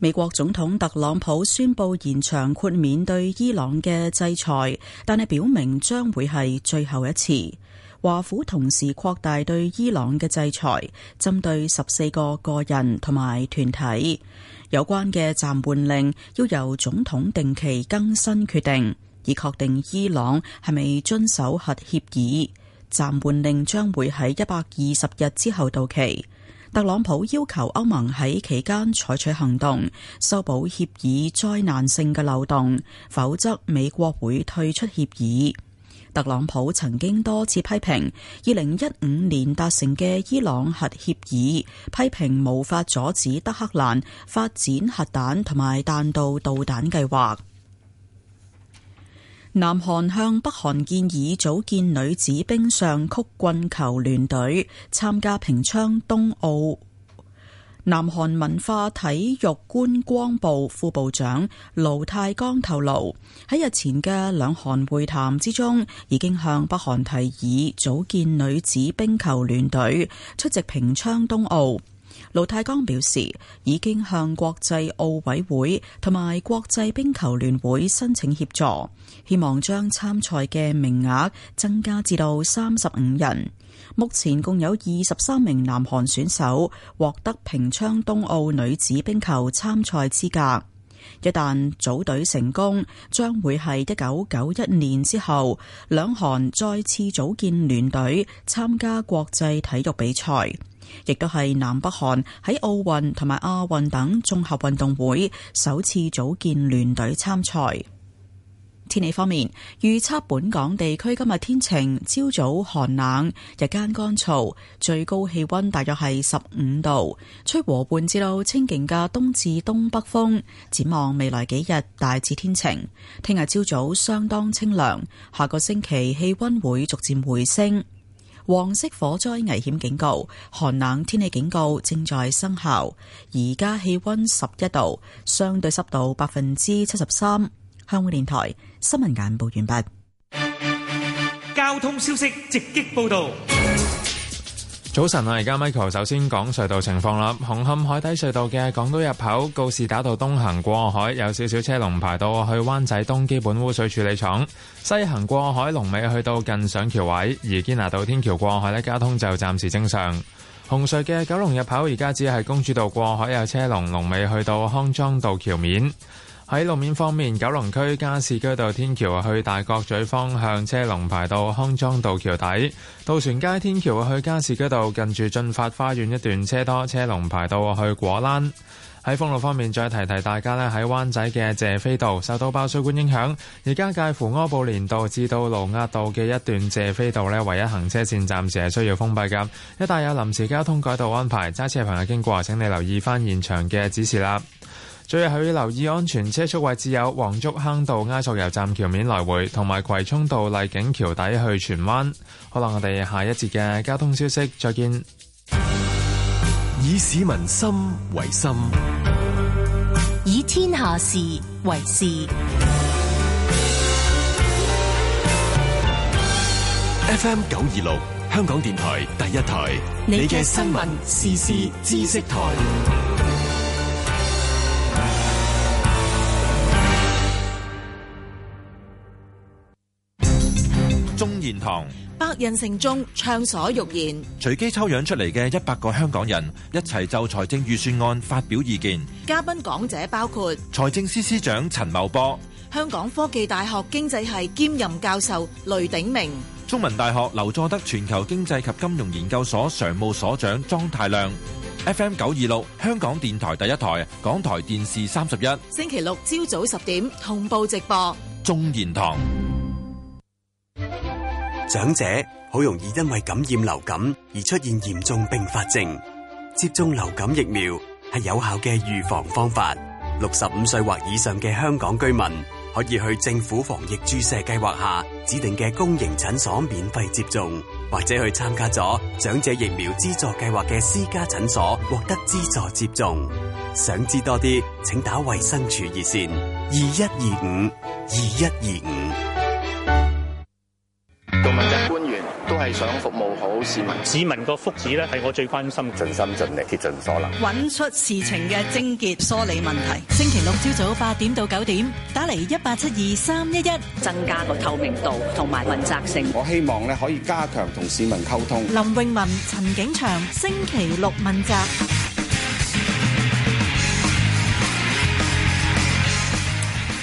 美國總統特朗普宣布延長豁免對伊朗嘅制裁，但係表明將會係最後一次。華府同時擴大對伊朗嘅制裁，針對十四個個人同埋團體。有關嘅暫緩令要由總統定期更新決定，以確定伊朗係咪遵守核協議。暫緩令將會喺一百二十日之後到期。特朗普要求歐盟喺期間採取行動，修補協議災難性嘅漏洞，否則美國會退出協議。特朗普曾經多次批評二零一五年達成嘅伊朗核協議，批評無法阻止德黑蘭發展核彈同埋彈道導彈計劃。南韓向北韓建議組建女子冰上曲棍球聯隊參加平昌冬奧。南韓文化體育觀光部副部長盧泰光透露，喺日前嘅兩韓會談之中，已經向北韓提議組建女子冰球聯隊出席平昌冬奧。盧泰剛表示，已經向國際奧委會同埋國際冰球聯會申請協助，希望將參賽嘅名額增加至到三十五人。目前共有二十三名南韓選手獲得平昌冬奧女子冰球參賽資格。一旦組隊成功，將會係一九九一年之後兩韓再次組建聯隊參加國際體育比賽。亦都係南北韓喺奧運同埋亞運等綜合運動會首次組建聯隊參賽。天氣方面，預測本港地區今日天晴，朝早寒冷，日間乾燥，最高氣溫大約係十五度，吹和緩至到清勁嘅東至東北風。展望未來幾日，大致天晴。聽日朝早相當清涼，下個星期氣溫會逐漸回升。黃色火災危險警告，寒冷天氣警告正在生效。而家氣溫十一度，相對濕度百分之七十三。香港電台新聞簡報完畢。交通消息直擊報道。早晨啊，而家 Michael 首先講隧道情況啦。紅磡海底隧道嘅港島入口告士打道東行過海有少少車龍排到去灣仔東基本污水處理廠，西行過海龍尾去到近上橋位。而堅拿道天橋過海呢，交通就暫時正常。紅隧嘅九龍入口而家只係公主道過海有車龍，龍尾去到康莊道橋面。喺路面方面，九龍區加士居道天橋去大角咀方向車龍排到康莊道橋底；渡船街天橋去加士居道近住進發花園一段車多，車龍排到去果欄。喺封路方面，再提提大家呢，喺灣仔嘅謝斐道受到爆水管影響，而家介乎柯布連道至到盧押道嘅一段謝斐道呢，唯一行車線暫時係需要封閉㗎。一旦有臨時交通改道安排，揸車嘅朋友經過請你留意翻現場嘅指示啦。最後要留意安全車速位置有黃竹坑道、亞索油站橋面來回，同埋葵涌道麗景橋底去荃灣。好啦，我哋下一節嘅交通消息，再見。以市民心為心，以天下事為事。FM 九二六，香港電台第一台，你嘅新聞時事知識台。堂百人城中暢所欲言，隨機抽樣出嚟嘅一百個香港人一齊就財政預算案發表意見。嘉賓講者包括財政司司長陳茂波、香港科技大學經濟系兼任教授雷鼎明、中文大學劉佐德全球經濟及金融研究所常務所長莊太亮。FM 九二六香港電台第一台、港台電視三十一，星期六朝早十點同步直播。中言堂。長者好容易因為感染流感而出現嚴重併發症，接種流感疫苗係有效嘅預防方法。六十五歲或以上嘅香港居民可以去政府防疫注射計劃下指定嘅公營診所免費接種，或者去參加咗長者疫苗資助計劃嘅私家診所獲得資助接種。想知多啲，請打衛生署熱線，二一二五，二一二五。21 25, 21 25問責官員都係想服務好市民，市民個福祉咧係我最關心，盡心盡力，竭盡所能，揾出事情嘅症結，梳理問題。星期六朝早八點到九點，打嚟一八七二三一一，增加個透明度同埋問責性。我希望咧可以加強同市民溝通。林詠雯、陳景祥，星期六問責。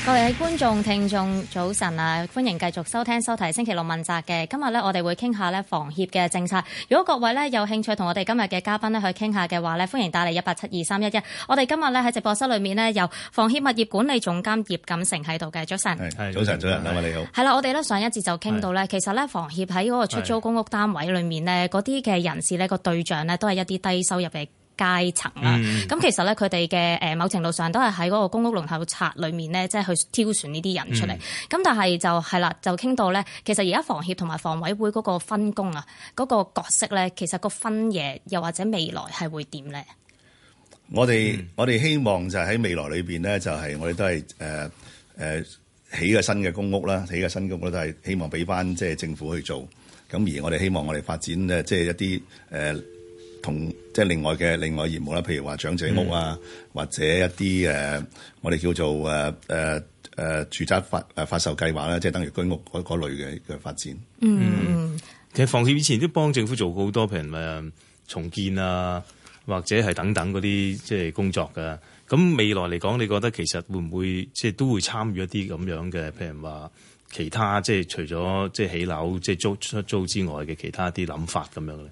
各位觀眾、聽眾，早晨啊！歡迎繼續收聽、收睇《星期六問責》嘅。今日咧，我哋會傾下咧房協嘅政策。如果各位咧有興趣同我哋今日嘅嘉賓咧去傾下嘅話咧，歡迎打嚟一八七二三一一。我哋今日咧喺直播室裏面咧，有房協物業管理總監葉錦誠喺度嘅。早晨，係早晨，早晨，係，你好。係啦，我哋咧上一節就傾到咧，其實咧房協喺嗰個出租公屋單位裏面咧，嗰啲嘅人士咧個對象咧都係一啲低收入嘅。階層啦，咁、嗯、其實咧，佢哋嘅誒某程度上都係喺嗰個公屋輪候冊裏面咧，即、就、係、是、去挑選呢啲人出嚟。咁、嗯、但係就係啦，就傾到咧，其實而家房協同埋房委會嗰個分工啊，嗰、那個角色咧，其實個分野又或者未來係會點咧、嗯？我哋我哋希望就喺未來裏邊咧，就係我哋都係誒誒起個新嘅公屋啦，起個新公屋都係希望俾翻即係政府去做。咁而我哋希望我哋發展咧，即、就、係、是、一啲誒。呃同即係另外嘅另外業務啦，譬如話長者屋啊，嗯、或者一啲誒、呃、我哋叫做誒誒誒住宅發誒發售計劃啦，即係等於居屋嗰類嘅嘅發展。嗯，嗯，其實房協以前都幫政府做過好多，譬如誒重建啊，或者係等等嗰啲即係工作嘅。咁未來嚟講，你覺得其實會唔會即係都會參與一啲咁樣嘅，譬如話其他即係除咗即係起樓即係租出租之外嘅其他啲諗法咁樣咧？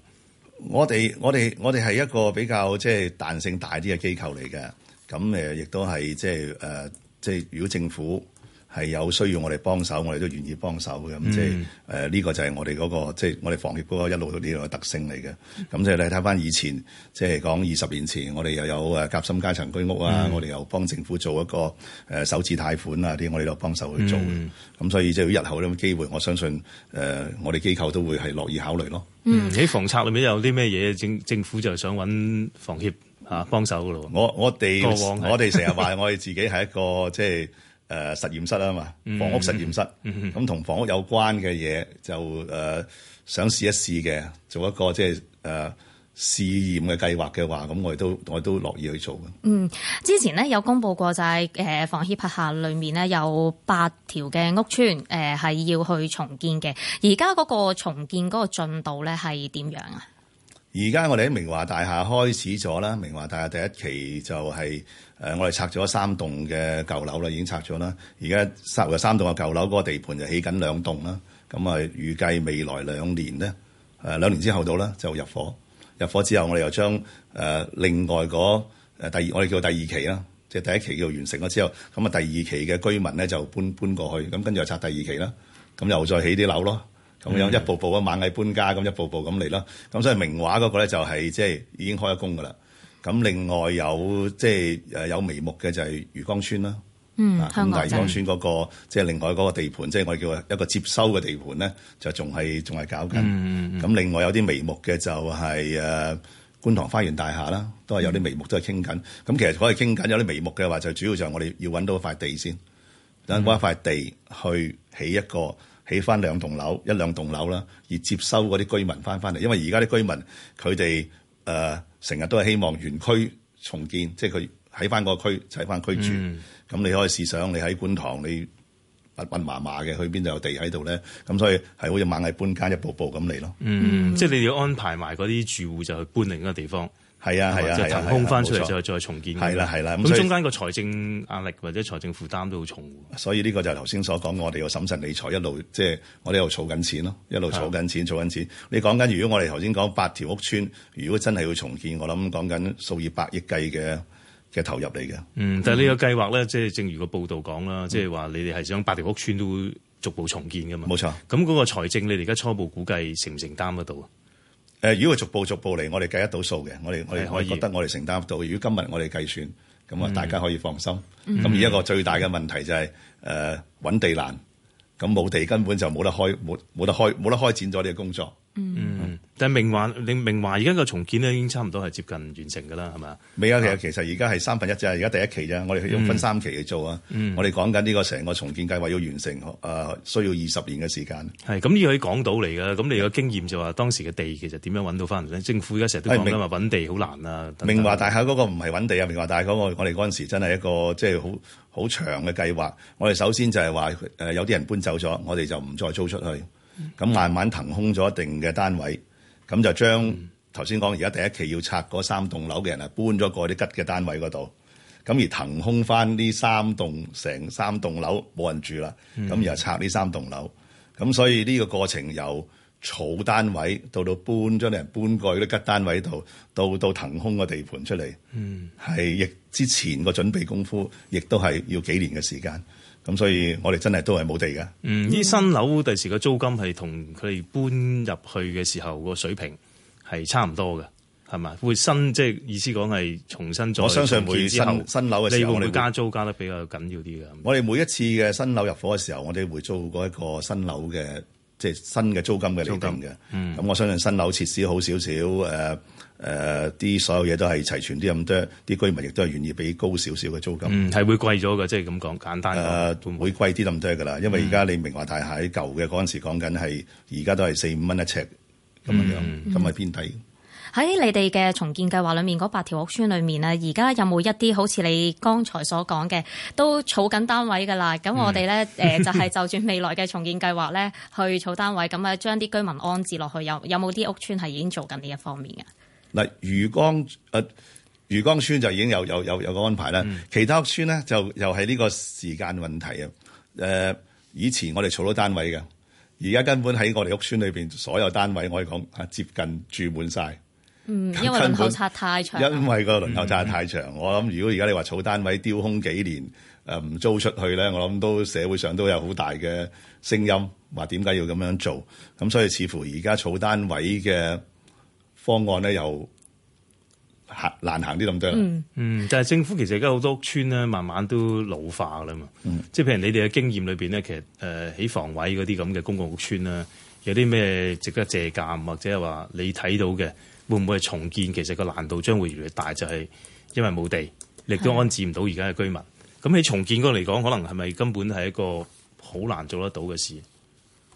我哋我哋我哋係一個比較即係彈性大啲嘅機構嚟嘅，咁誒，亦都係即係誒，即係如果政府係有需要我哋幫手，我哋都願意幫手嘅。咁即係誒呢個就係我哋嗰、那個即係、就是、我哋房協嗰個一路呢度嘅特性嚟嘅。咁即係你睇翻以前，即係講二十年前，我哋又有誒夾心階層居屋啊，嗯、我哋又幫政府做一個誒首置貸款啊啲，我哋都幫手去做。咁、嗯、所以即係如果日後有機會，我相信誒、呃、我哋機構都會係樂意考慮咯。嗯，喺房策裏面有啲咩嘢政政府就係想揾房協吓幫手噶咯。我我哋我哋成日話我哋自己係一個即係誒實驗室啊嘛，房屋實驗室咁同、嗯嗯嗯、房屋有關嘅嘢就誒、呃、想試一試嘅，做一個即係誒。呃試驗嘅計劃嘅話，咁我哋都我都樂意去做嘅。嗯，之前咧有公布過、就是，就係誒房協旗下裏面呢，有八條嘅屋邨誒，係、呃、要去重建嘅。而家嗰個重建嗰個進度咧係點樣啊？而家我哋喺明華大廈開始咗啦。明華大廈第一期就係、是、誒、呃，我哋拆咗三棟嘅舊樓啦，已經拆咗啦。而家三有三棟嘅舊樓嗰、那個地盤就起緊兩棟啦。咁啊，預計未來兩年咧誒、呃，兩年之後到啦就入伙。入伙之後，我哋又將誒、呃、另外嗰、呃、第二，我哋叫第二期啦，即係第一期叫完成咗之後，咁啊第二期嘅居民咧就搬搬過去，咁跟住又拆第二期啦，咁又再起啲樓咯，咁樣、嗯、一步步啊，螞蟻搬家咁一步步咁嚟啦，咁所以明華嗰個咧就係、是、即係已經開咗工噶啦，咁另外有即係誒有眉目嘅就係漁光村啦。嗯，香咁泥崗村嗰、那個，即係另外嗰個地盤，即、就、係、是、我哋叫一個接收嘅地盤咧，就仲係仲係搞緊。咁、嗯嗯、另外有啲眉目嘅就係、是、誒、呃、觀塘花園大廈啦，都係有啲眉目都係傾緊。咁其實可以傾緊有啲眉目嘅話，就主要就係我哋要揾到一塊地先，等攞一塊地去起一個起翻兩棟樓一兩棟樓啦，而接收嗰啲居民翻翻嚟，因為而家啲居民佢哋誒成日都係希望原區重建，即係佢喺翻個區喺翻、就是區，就是區，就是、區住。咁你可以試想，你喺觀塘你密密麻麻嘅，去邊就有地喺度咧。咁所以係好似螞蟻搬家，一步步咁嚟咯。嗯，即係你要安排埋嗰啲住戶就去搬另一個地方。係 啊，係啊，騰空翻出嚟就再重建。係啦、啊，係啦、啊。咁中間個財政壓力或者財政負擔都好重。所以呢個就係頭先所講，我哋嘅審慎理財一路即係我哋又儲緊錢咯，一路儲緊錢，儲緊錢。啊、你講緊如果我哋頭先講八條屋村，如果真係要重建，我諗講緊數以百億計嘅。嘅投入嚟嘅，嗯，但係呢個計劃咧，即係、嗯、正如個報道講啦，即係話你哋係想八條屋村都會逐步重建噶嘛，冇錯。咁嗰個財政，你哋而家初步估計承唔承擔得到啊？誒、呃，如果逐步逐步嚟，我哋計得到數嘅，我哋、嗯、我哋可以覺得我哋承擔到。如果今日我哋計算，咁啊大家可以放心。咁、嗯嗯、而一個最大嘅問題就係誒揾地難，咁冇地根本就冇得開，冇冇得開，冇得，得開展咗呢個工作。嗯，但係明華，你明華而家個重建咧，已經差唔多係接近完成噶啦，係嘛？未啊，其實其實而家係三分一啫，而家第一期啫，我哋要分三期去做啊。嗯、我哋講緊呢個成個重建計劃要完成，誒、呃，需要二十年嘅時間。係，咁呢個喺港島嚟噶，咁你個經驗就話當時嘅地其實點樣搵到翻嚟咧？政府而家成日都講啦嘛，搵明地好難啊。等等明華大廈嗰個唔係搵地啊，明華大廈嗰、嗰個我哋嗰陣時真係一個即係好好長嘅計劃。我哋首先就係話誒，有啲人搬走咗，我哋就唔再租出去。咁、嗯、慢慢騰空咗一定嘅單位，咁就將頭先講而家第一期要拆嗰三棟樓嘅人啊，搬咗過啲吉嘅單位嗰度，咁而騰空返呢三棟成三棟樓冇人住啦，咁又拆呢三棟樓，咁、嗯、所以呢個過程由儲單位，到到搬咗啲人搬過去啲吉單位度，到到騰空個地盤出嚟，係亦、嗯、之前個準備功夫，亦都係要幾年嘅時間。咁所以我，我哋真係都係冇地嘅。嗯，啲新樓第時嘅租金係同佢哋搬入去嘅時候個水平係差唔多嘅，係咪？會新即係意思講係重新再。我相信每新新樓嘅時候，你會唔會加租加得比較緊要啲嘅？我哋每一次嘅新樓入伙嘅時候，我哋會做過一個新樓嘅。即係新嘅租金嘅嚟講嘅，咁、嗯、我相信新樓設施好少少，誒誒啲所有嘢都係齊全啲咁多，啲居民亦都係願意俾高少少嘅租金，係、嗯、會貴咗嘅，即係咁講簡單。誒、呃，會貴啲咁多噶啦，因為而家你明華大廈喺舊嘅嗰陣時講緊係，而家都係四五蚊一尺咁樣樣，咁係、嗯、偏低。喺你哋嘅重建計劃裏面，嗰八條屋村裏面啊，而家有冇一啲好似你剛才所講嘅都儲緊單位㗎啦？咁我哋咧誒就係、是、就算未來嘅重建計劃咧去儲單位，咁啊將啲居民安置落去，有有冇啲屋村係已經做緊呢一方面嘅嗱？漁、呃、光誒漁、呃、光村就已經有有有有個安排啦，嗯、其他屋村咧就又係呢個時間問題啊。誒、呃、以前我哋儲到單位嘅，而家根本喺我哋屋村裏邊所有單位，我可以講啊接近住滿晒。嗯，本因為輪候冊太，太長，因為個輪候冊太長，我諗如果而家你話儲單位丟空幾年，誒唔租出去咧，我諗都社會上都有好大嘅聲音話點解要咁樣做咁，所以似乎而家儲單位嘅方案咧又行難行啲咁多啦。嗯，就係政府其實而家好多屋邨咧，慢慢都老化啦嘛。即係、嗯、譬如你哋嘅經驗裏邊咧，其實誒喺、呃、房委嗰啲咁嘅公共屋邨咧，有啲咩值得借鑑，或者係話你睇到嘅？會唔會係重建？其實個難度將會越嚟越大，就係、是、因為冇地，亦都安置唔到而家嘅居民。咁喺的重建嗰度嚟講，可能係咪根本係一個好難做得到嘅事？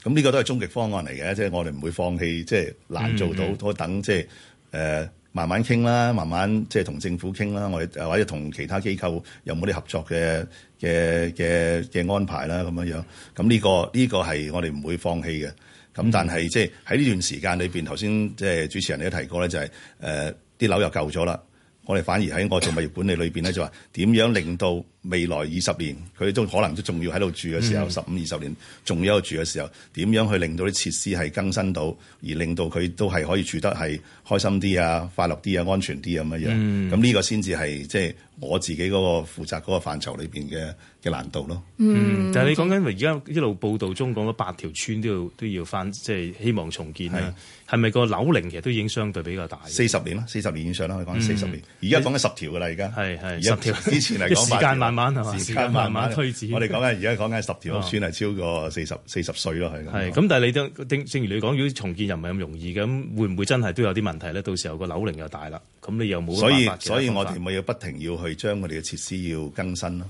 咁呢個都係終極方案嚟嘅，即、就、係、是、我哋唔會放棄。即、就、係、是、難做到，我、嗯嗯、等即係誒慢慢傾啦，慢慢即係同政府傾啦，我哋或者同其他機構有冇啲合作嘅嘅嘅嘅安排啦，咁樣樣。咁呢、這個呢、這個係我哋唔會放棄嘅。咁但係即係喺呢段時間裏面，頭先即係主持人你都提過咧，就係誒啲樓又舊咗啦，我哋反而喺我做物業管理裏面咧，就話、是、點樣令到未來二十年，佢都可能都仲要喺度住嘅時候，十五二十年仲要喺度住嘅時候，點樣去令到啲設施係更新到，而令到佢都係可以住得係開心啲啊、快樂啲啊、安全啲咁樣樣。咁呢個先至係即係我自己嗰個負責嗰個範疇裏邊嘅嘅難度咯。嗯，但係你講緊而家一路報道中講到八條村都要都要翻，即係希望重建啊。係咪個樓齡其實都已經相對比較大？四十年啦，四十年以上啦，我講緊四十年。而家講緊十條㗎啦，而家係係十條之前嚟講。慢慢，時間慢慢推遲。我哋講緊而家講緊十條，算係超過四十四十 歲咯，係。係，咁但係你都正正如你講，如果重建又唔係咁容易嘅，咁會唔會真係都有啲問題咧？到時候個樓齡又大啦，咁你又冇，所以，所以我哋咪要不停要去將我哋嘅設施要更新咯。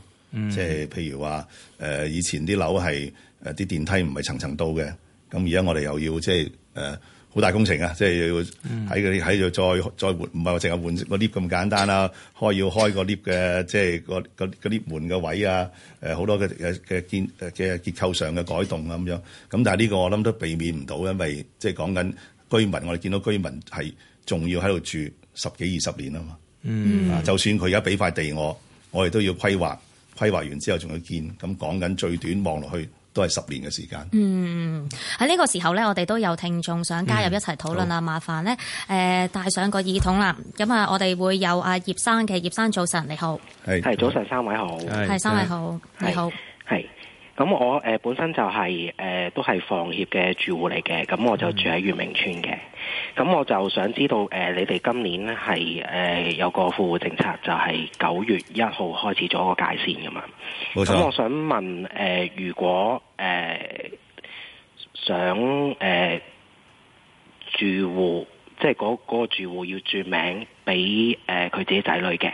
即係、嗯、譬如話，誒、呃、以前啲樓係誒啲電梯唔係層層到嘅，咁而家我哋又要即係誒。呃好大工程啊！即係要喺佢喺度再再，再換，唔係話淨係換個 lift 咁簡單啊。開要開個 lift 嘅，即係個個 lift 門嘅位啊，誒、呃、好多嘅嘅嘅建嘅結構上嘅改動咁樣。咁但係呢個我諗都避免唔到，因為即係講緊居民，我哋見到居民係仲要喺度住十幾二十年啊嘛。嗯，就算佢而家俾塊地我，我哋都要規劃，規劃完之後仲要建。咁講緊最短望落去，都係十年嘅時間。嗯，喺呢個時候呢，我哋都有聽眾想加入一齊討論啊！嗯、麻煩呢，誒、呃、戴上個耳筒啦。咁、嗯、啊，我哋會有阿、啊、葉生嘅，葉生早晨，你好。係是早晨，三位好。係三位好，是你好。係咁，我誒、呃、本身就係、是、誒、呃、都係房協嘅住戶嚟嘅，咁我就住喺月明村嘅。咁我就想知道，誒、呃，你哋今年咧係誒有個富戶政策，就係、是、九月一號開始咗個界線噶嘛？冇錯。咁我想問，誒、呃，如果誒、呃、想誒、呃、住戶，即係嗰、那個那個住戶要轉名俾誒佢自己仔女嘅，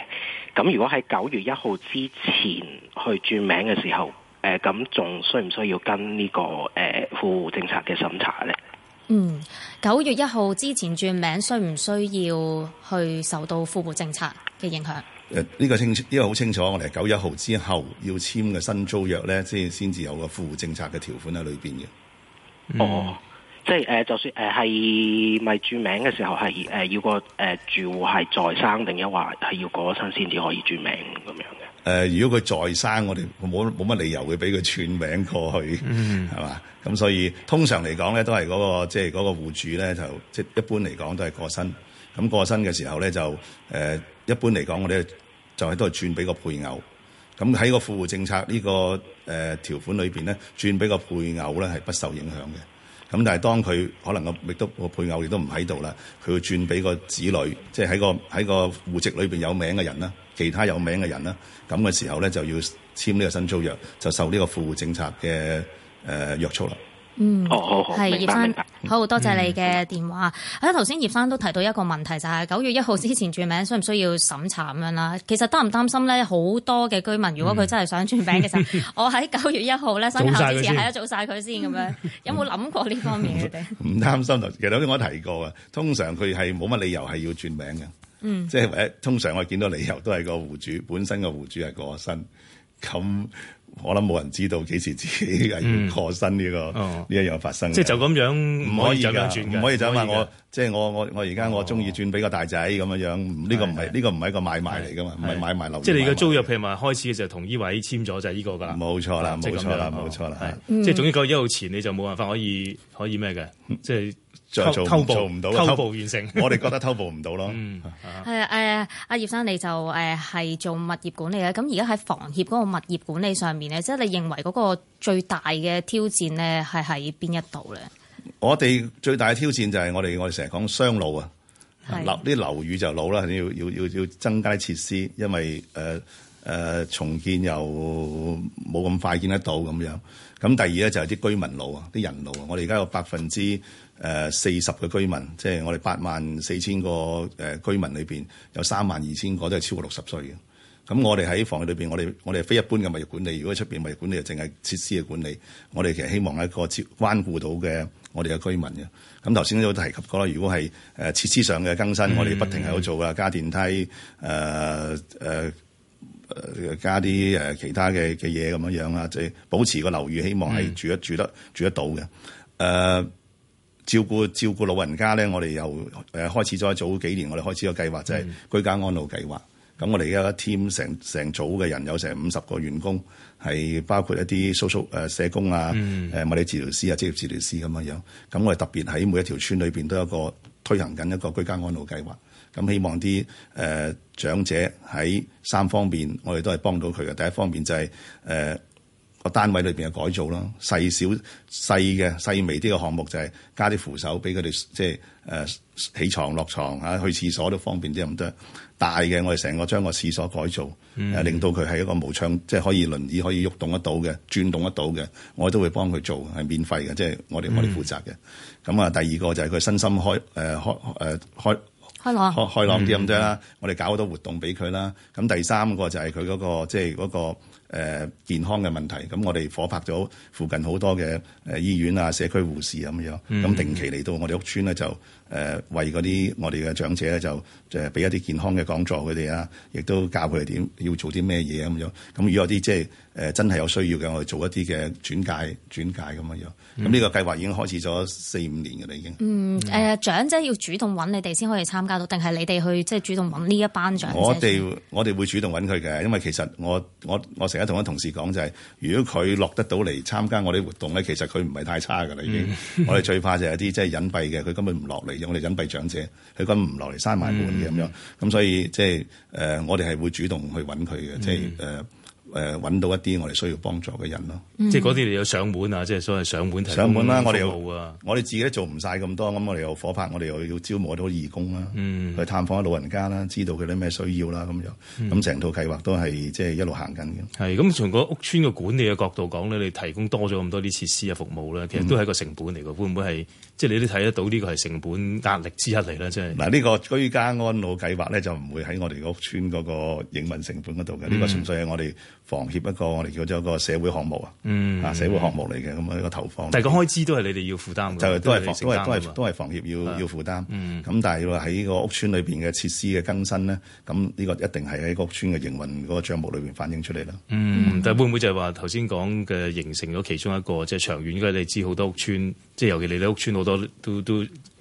咁如果喺九月一號之前去轉名嘅時候，誒、呃，咁仲需唔需要跟呢、這個誒富戶政策嘅審查咧？嗯，九月一號之前轉名需唔需要去受到富戶政策嘅影響？誒，呢個清楚，呢、這個好清楚，我哋係九月一號之後要簽嘅新租約咧，即係先至有個富戶政策嘅條款喺裏邊嘅。嗯、哦，即係誒、呃，就算誒係咪轉名嘅時候係誒、呃、要個誒、呃、住戶係在生定抑或係要過身先至可以轉名咁樣。誒、呃，如果佢再生，我哋冇冇乜理由會俾佢轉名過去，係嘛、mm？咁、hmm。所以通常嚟講咧，都係嗰、那個即係嗰戶主咧，就即、是、係一般嚟講都係過身。咁過身嘅時候咧，就誒、呃、一般嚟講，我哋就係、是、都係轉俾個配偶。咁喺個富戶政策呢、這個誒、呃、條款裏邊咧，轉俾個配偶咧係不受影響嘅。咁但係當佢可能、那個亦都個配偶亦都唔喺度啦，佢會轉俾個子女，即係喺個喺個戶籍裏邊有名嘅人啦。其他有名嘅人啦，咁嘅時候咧就要簽呢個新租約，就受呢個富戶政策嘅誒、呃、約束啦。嗯，哦、嗯，好白好，葉生，好多謝你嘅電話。喺頭、嗯、先葉生都提到一個問題，就係、是、九月一號之前轉名，需唔需要審查咁樣啦？其實擔唔擔心咧？好多嘅居民如果佢真係想轉名嘅時候，嗯、我喺九月一號咧生效之前係做晒佢先咁樣。有冇諗過呢方面嘅唔、嗯、擔心啊，其實頭先我提過啊。通常佢係冇乜理由係要轉名嘅。即係唯通常我見到理由都係個戶主本身，個戶主係過身，咁我諗冇人知道幾時自己係過身呢個呢一樣發生。即係就咁樣唔可以咁樣轉嘅，唔可以就話我即係我我我而家我中意轉俾個大仔咁樣樣，呢個唔係，呢個唔係一個買賣嚟噶嘛，唔係買賣樓。即係你嘅租約譬如話開始嘅時候同呢位簽咗，就係呢個㗎喇。冇錯啦，冇錯啦，冇錯啦，即係總之個一號前你就冇辦法可以，可以咩嘅，即係。再做偷步做唔到，偷步完成。 我哋覺得偷步唔到咯。係誒、嗯，阿、啊 uh, 葉生你就誒、是、係、uh, 做物業管理咧。咁而家喺房協嗰個物業管理上面咧，即、就、係、是、你認為嗰個最大嘅挑戰咧，係喺邊一度咧？我哋最大嘅挑戰就係我哋成日講商路啊，嗱，啲是樓宇就老啦，肯定要要要要增加設施，因為誒誒、uh, uh, 重建又冇咁快見得到咁樣。咁第二咧就係啲居民路啊，啲人路啊，我哋而家有百分之，誒四十個居民，即係我哋八萬四千個誒居民裏邊，有三萬二千個都係超過六十歲嘅。咁我哋喺房裏邊，我哋我哋非一般嘅物業管理。如果出邊物業管理淨係設施嘅管理，我哋其實希望係一個關顧到嘅我哋嘅居民嘅。咁頭先都提及過啦。如果係誒設施上嘅更新，嗯、我哋不停喺度做啦，加電梯誒誒、呃呃，加啲誒其他嘅嘅嘢咁樣樣啊，即係保持個樓宇，希望係住得、嗯、住得住得到嘅誒。呃照顧照顧老人家咧，我哋又誒開始咗早幾年，我哋開始個計劃就係、是、居家安老計劃。咁我哋而家 team 成成，成組嘅人有成五十個員工，係包括一啲叔叔誒社工啊、誒物理治療師啊、職業治療師咁樣、啊啊嗯、樣。咁我哋特別喺每一條村裏邊都有一個推行緊一個居家安老計劃。咁希望啲誒、呃、長者喺三方面，我哋都係幫到佢嘅。第一方面就係、是、誒。呃個單位裏邊嘅改造咯，細小細嘅細微啲嘅項目就係加啲扶手俾佢哋，即係誒起床落床，嚇、啊，去廁所都方便啲咁多。大嘅我哋成個將個廁所改造，誒令到佢係一個無窗，即係可以輪椅可以喐動得到嘅，轉動得到嘅，我都會幫佢做，係免費嘅，即係我哋我哋負責嘅。咁啊，第二個就係佢身心開誒開誒開開開朗啲咁啫，啦。我哋搞好多活動俾佢啦。咁第三個就係佢嗰個即係嗰個。誒，健康嘅問題，咁我哋夥拍咗附近好多嘅誒醫院啊、社區護士咁樣。咁、嗯、定期嚟到我哋屋邨咧就。誒、呃、為嗰啲我哋嘅長者咧，就誒俾一啲健康嘅講座佢哋啊，亦都教佢哋點要做啲咩嘢咁樣。咁如果啲即係誒真係有需要嘅，我哋做一啲嘅轉介轉介咁樣。咁呢個計劃已經開始咗四五年嘅啦，已經、嗯。嗯誒、呃，長者要主動揾你哋先可以參加到，定係你哋去即係主動揾呢一班長？我哋我哋會主動揾佢嘅，因為其實我我我成日同我同事講就係、是，如果佢落得到嚟參加我啲活動咧，其實佢唔係太差嘅啦已經。嗯、 我哋最怕就係一啲即係隱蔽嘅，佢根本唔落嚟。我哋隱蔽長者，佢根本唔落嚟閂埋門嘅咁、嗯、樣，咁所以即係誒，我哋係會主動去揾佢嘅，嗯、即係誒誒揾到一啲我哋需要幫助嘅人咯。嗯、即係嗰啲你有上門啊，即係所謂上門提供服務啦，我哋啊。我哋、啊、自己做唔晒咁多，咁我哋又夥拍，我哋又要招募到義工啦、啊，嗯、去探訪下老人家啦，知道佢哋咩需要啦，咁就咁成套計劃都係即係一路行緊嘅。係咁、嗯，從個屋村嘅管理嘅角度講咧，你提供多咗咁多啲設施啊服務啦，其實都係一個成本嚟嘅，會唔會係？即係你都睇得到呢個係成本壓力之一嚟啦，即係嗱，呢個居家安老計劃咧，就唔會喺我哋屋村嗰個營運成本嗰度嘅。呢、嗯、個純粹係我哋房協一個我哋叫做一個社會項目、嗯、啊，啊社會項目嚟嘅，咁啊一個投放，但係個開支都係你哋要負擔嘅，就係都係房協要的要負擔，咁、嗯、但係喎，喺個屋村裏邊嘅設施嘅更新咧，咁呢個一定係喺屋村嘅營運嗰個帳目裏邊反映出嚟啦，嗯，嗯，但會唔會就係話頭先講嘅形成咗其中一個即係、就是、長遠嘅，因為你知好多屋村，即係尤其你哋屋村多都都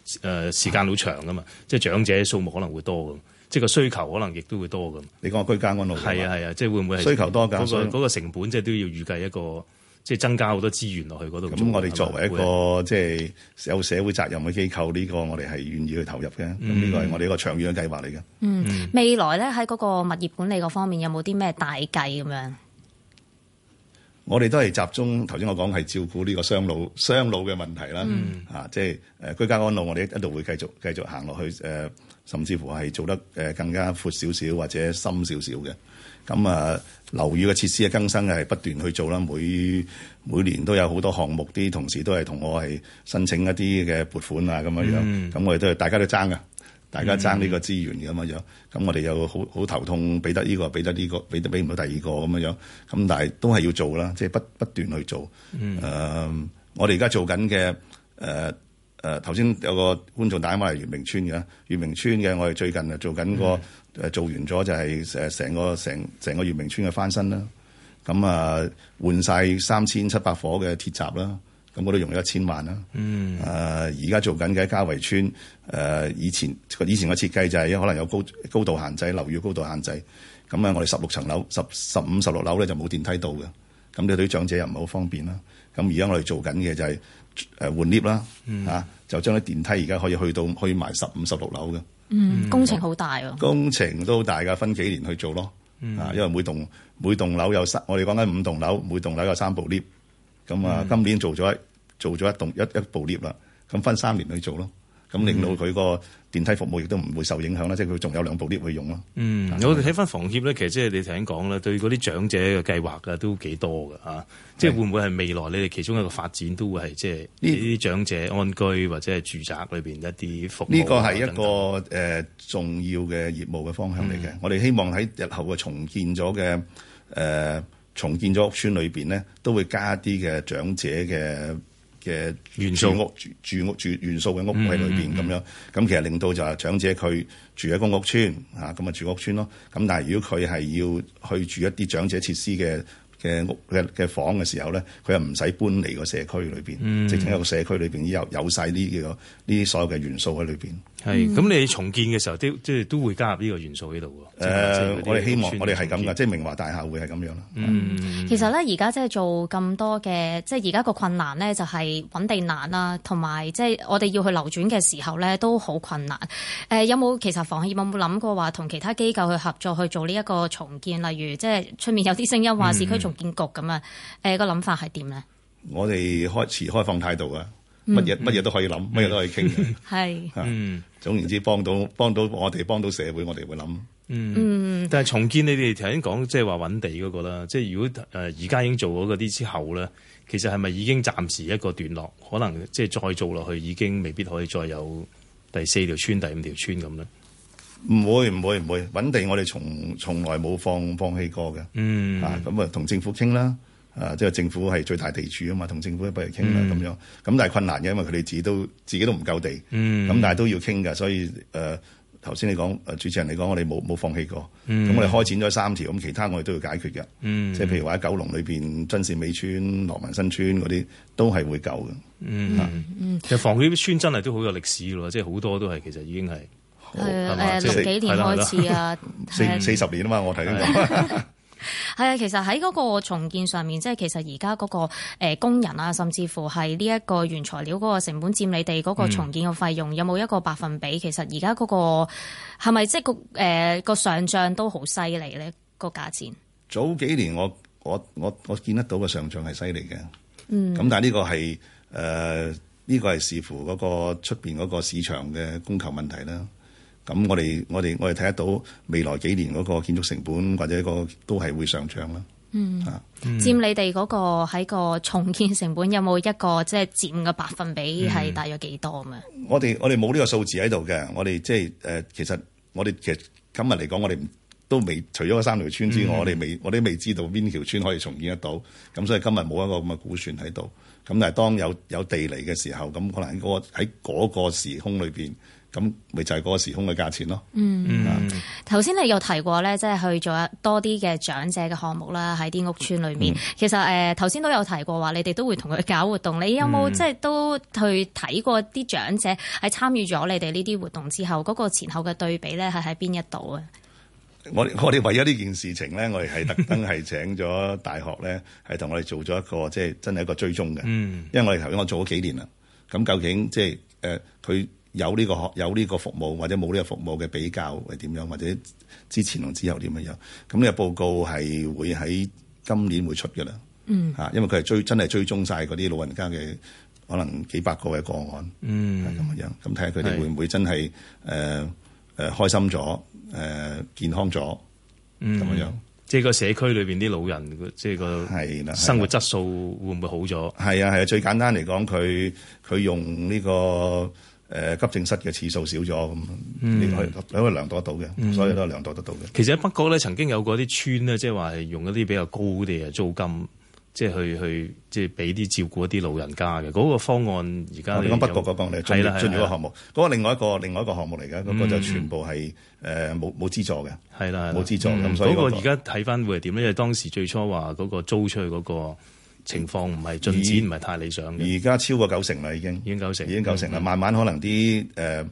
誒、呃，時間好長噶嘛，即係長者數目可能會多噶，即係個需求可能亦都會多噶。你講居家安老係啊係啊，即係會唔會需求多噶？嗰個嗰個成本即係都要預計一個，即係增加好多資源落去嗰度。咁我哋作為一個是是即係有社會責任嘅機構，呢個我哋係願意去投入嘅。咁呢個係我哋一個長遠嘅計劃嚟嘅。嗯，未來咧喺嗰個物業管理嗰方面有冇啲咩大計咁樣？我哋都係集中頭先我講係照顧呢個雙老雙老嘅問題啦，嗯、啊，即係誒、呃、居家安老，我哋一路會繼續繼續行落去誒、呃，甚至乎係做得誒更加闊少少或者深少少嘅，咁、嗯、啊樓宇嘅設施嘅更新係不斷去做啦，每每年都有好多項目啲，同時都係同我係申請一啲嘅撥款啊咁樣樣，咁、嗯、我哋都係大家都爭㗎。大家爭呢個資源嘅咁、嗯、樣，咁我哋又好好頭痛，俾得呢、這個，俾得呢、這個，俾得俾唔到第二個咁樣，咁但係都係要做啦，即、就、係、是、不不斷去做。誒、嗯呃，我哋而家做緊嘅誒誒，頭、呃、先、呃、有個觀眾打電話嚟，圓明村嘅，圓明村嘅，我哋最近啊做緊個誒，嗯、做完咗就係誒成個成成個圓明村嘅翻新啦，咁啊換晒三千七百伙嘅鐵閘啦。呃咁我都用咗一千萬啦、啊。嗯。誒、啊，而家做緊嘅喺家維邨。誒、啊，以前以前嘅設計就係因為可能有高高度限制、樓宇高度限制。咁啊，我哋十六層樓、十十五、十六樓咧就冇電梯到嘅。咁對啲長者又唔係好方便啦。咁而家我哋做緊嘅就係誒換 lift 啦。嗯。啊、就將啲電梯而家可以去到可以去埋十五、十六樓嘅。嗯，啊、工程好大啊，工程都大噶，分幾年去做咯。啊，因為每棟每棟樓有三，我哋講緊五棟樓，每棟樓有三部 lift。咁啊！嗯、今年做咗做咗一棟一一部 lift 啦，咁分三年去做咯，咁令到佢個電梯服務亦都唔會受影響啦，即係佢仲有兩部 lift 去用咯。嗯，是我哋睇翻房協咧，其實即係你頭先講啦，對嗰啲長者嘅計劃嘅都幾多嘅嚇，啊、是即係會唔會係未來你哋其中一個發展都會係即係呢啲長者安居或者係住宅裏邊一啲服務？呢個係一個誒、呃、重要嘅業務嘅方向嚟嘅。嗯、我哋希望喺日後嘅重建咗嘅誒。呃呃重建咗屋村裏邊咧，都會加啲嘅長者嘅嘅元素屋住屋，住，屋，住，屋住元素嘅屋喺裏邊咁樣。咁其實令到就係長者佢住喺公屋村吓，咁啊住屋村咯。咁但係如果佢係要去住一啲長者設施嘅嘅屋嘅嘅房嘅時候咧，佢又唔使搬嚟、嗯嗯、個社區裏邊，即係喺個社區裏邊已有有晒呢個呢啲所有嘅元素喺裏邊。係，咁是、嗯、你重建嘅時候，都即係都會加入呢個元素喺度喎。呃、我哋希,建希望我哋係咁噶，即係明華大廈會係咁樣咯。嗯，是嗯其實咧，而家即係做咁多嘅，即係而家個困難呢，就係揾地難啦，同埋即係我哋要去流轉嘅時候呢，都好困難。誒、呃，有冇其實房協有冇諗過話同其他機構去合作去做呢一個重建？例如，即係出面有啲聲音話市區重建局咁啊。誒、嗯，嗯呃那個諗法係點呢？我哋開始開放態度啊！乜嘢乜嘢都可以諗，乜嘢、嗯、都可以傾嘅。係是，是嗯，總言之幫，幫到幫到我哋，幫到社會，我哋會諗。嗯，嗯但係重建你哋頭先講，即係話揾地嗰、那個啦。即係如果誒而家已經做咗嗰啲之後咧，其實係咪已經暫時一個段落？可能即係再做落去，已經未必可以再有第四條村、第五條村咁咧。唔、嗯、會唔會唔會揾地我從，我哋從從來冇放放棄過嘅。嗯，啊咁啊，同政府傾啦。啊，即係政府係最大地主啊嘛，同政府一齊傾啊咁樣，咁但係困難嘅，因為佢哋自己都自己都唔夠地，咁但係都要傾嘅，所以誒頭先你講，誒主持人你講，我哋冇冇放棄過，咁我哋開展咗三條，咁其他我哋都要解決嘅，即係譬如話喺九龍裏邊真善美村、羅文新村嗰啲都係會夠嘅。其實房協啲村真係都好有歷史㗎，即係好多都係其實已經係誒誒六幾年開始啊，四四十年啊嘛，我睇先係啊，其實喺嗰個重建上面，即係其實而家嗰個誒、呃、工人啊，甚至乎係呢一個原材料嗰個成本佔你哋嗰個重建嘅費用，嗯、有冇一個百分比？其實而家嗰個係咪即係個誒個上漲都好犀利咧？呢個價錢？早幾年我我我我見得到嘅上漲係犀利嘅，咁、嗯、但係呢個係誒呢個係視乎嗰個出邊嗰個市場嘅供求問題啦。咁我哋我哋我哋睇得到未來幾年嗰個建築成本或者個都係會上漲啦。嗯，啊，佔你哋嗰個喺個重建成本有冇一個即係、就是、佔嘅百分比係大約幾多啊、嗯？我哋我哋冇呢個數字喺度嘅。我哋即係誒，其實我哋其實今日嚟講，我哋都未除咗三條村之外，嗯、我哋未我哋未知道邊條村可以重建得到。咁所以今日冇一個咁嘅估算喺度。咁但係當有有地嚟嘅時候，咁可能喺嗰喺嗰個時空裏邊。咁咪就係嗰個時空嘅價錢咯。嗯嗯，頭先你有提過咧，即係去做多啲嘅長者嘅項目啦，喺啲屋村裏面。其實誒頭先都有提過話，你哋都會同佢搞活動。你有冇即係都去睇過啲長者喺參與咗你哋呢啲活動之後嗰個前後嘅對比咧？係喺邊一度啊？我我哋為咗呢件事情咧，我哋係特登係請咗大學咧，係同我哋做咗一個即係真係一個追蹤嘅。嗯，因為我哋頭先我做咗幾年啦，咁究竟即係誒佢。有呢個學有呢個服務，或者冇呢個服務嘅比較，係點樣？或者之前同之後點樣？咁呢個報告係會喺今年會出嘅啦。嗯，嚇，因為佢係追真係追蹤晒嗰啲老人家嘅可能幾百個嘅個案。嗯，係咁樣咁睇下佢哋會唔會真係誒誒開心咗誒、呃、健康咗咁、嗯、樣，即係個社區裏邊啲老人嘅，即係個生活質素會唔會好咗？係啊係啊，最簡單嚟講，佢佢用呢個。誒急症室嘅次數少咗，咁、嗯、你可以兩個量度得到嘅，所以都係量度得到嘅、嗯。其實喺北角咧，曾經有過啲村咧，即係話係用一啲比較高啲嘅租金，即、就、係、是、去去即係俾啲照顧一啲老人家嘅，嗰、那個方案而家我哋講北角嗰個，你進進咗項目。嗰、那個另外一個另外一個項目嚟嘅。嗰、那個就全部係誒冇冇資助嘅，係啦，冇資助咁。嗯、所以嗰個而家睇翻會係點？因為當時最初話嗰個租出去嗰、那個。情況唔係進展唔係太理想嘅，而家超過九成啦，已經已經九成，已經九成啦。慢慢可能啲誒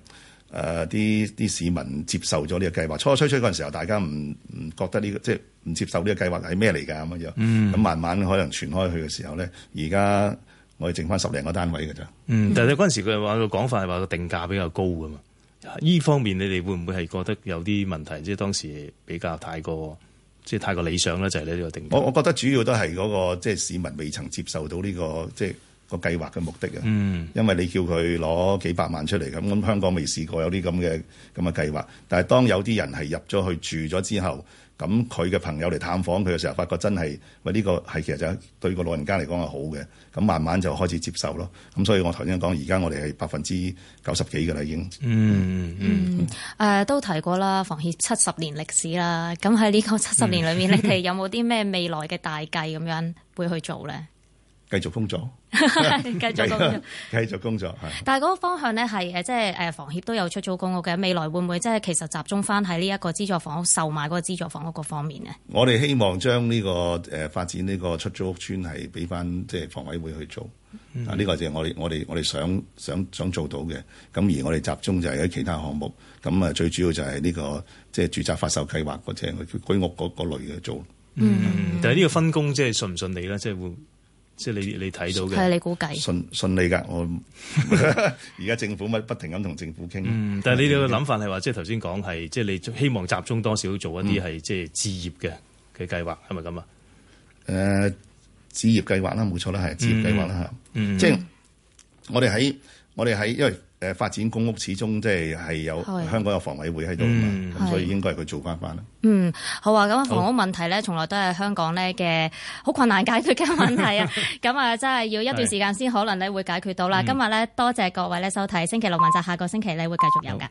誒啲啲市民接受咗呢個計劃。初初吹出嗰陣時候，大家唔唔覺得呢個即係唔接受呢個計劃係咩嚟㗎咁樣樣。嗯，咁慢慢可能傳開去嘅時候咧，而家我哋剩翻十零個單位㗎咋。嗯，但係嗰陣時佢話個講法係話個定價比較高㗎嘛。呢方面你哋會唔會係覺得有啲問題？即係當時比較太過。即係太過理想啦，就係呢呢個定義。我我覺得主要都係嗰個即係市民未曾接受到呢個即係個計劃嘅目的啊。嗯，因為你叫佢攞幾百萬出嚟咁，咁香港未試過有啲咁嘅咁嘅計劃。但係當有啲人係入咗去住咗之後。咁佢嘅朋友嚟探訪佢嘅時候，發覺真係，喂，呢個係其實就對個老人家嚟講係好嘅，咁慢慢就開始接受咯。咁所以我頭先講，而家我哋係百分之九十幾嘅啦，已經嗯嗯誒都提過啦，房協，七十年歷史啦。咁喺呢個七十年裏面，嗯、 你哋有冇啲咩未來嘅大計咁樣會去做咧？繼續工作。繼 續工作，繼續工作吓。但係嗰個方向呢，係誒，即係誒，房協都有出租公屋嘅。未來會唔會即係其實集中翻喺呢一個資助房屋售賣嗰個資助房屋個方面呢？ 我哋希望將呢個誒發展呢個出租屋邨係俾翻即係房委會去做。啊、嗯，呢個就係我哋我哋我哋想想想做到嘅。咁而我哋集中就係喺其他項目。咁啊，最主要就係呢、這個即係、就是、住宅發售計劃或者佢居屋嗰嗰類嘅做。嗯，嗯但係呢個分工即係順唔順利咧？即、就、係、是、會。即係你你睇到嘅，係你估計順順利噶，我而家 政府咪不停咁同政府傾。嗯，但係你哋嘅諗法係話，即係頭先講係，即係你希望集中多少做一啲係即係置業嘅嘅計劃，係咪咁啊？誒，置業計劃啦，冇錯啦，係置業計劃啦吓。即係我哋喺我哋喺因為。誒發展公屋，始終即係係有香港有房委會喺度，的所以應該係佢做翻翻啦。的嗯，好啊，咁啊，房屋問題咧，從來都係香港咧嘅好困難解決嘅問題啊。咁啊的，真係要一段時間先可能咧會解決到啦。的今日咧多謝各位咧收睇，星期六晚就下個星期咧會繼續有㗎。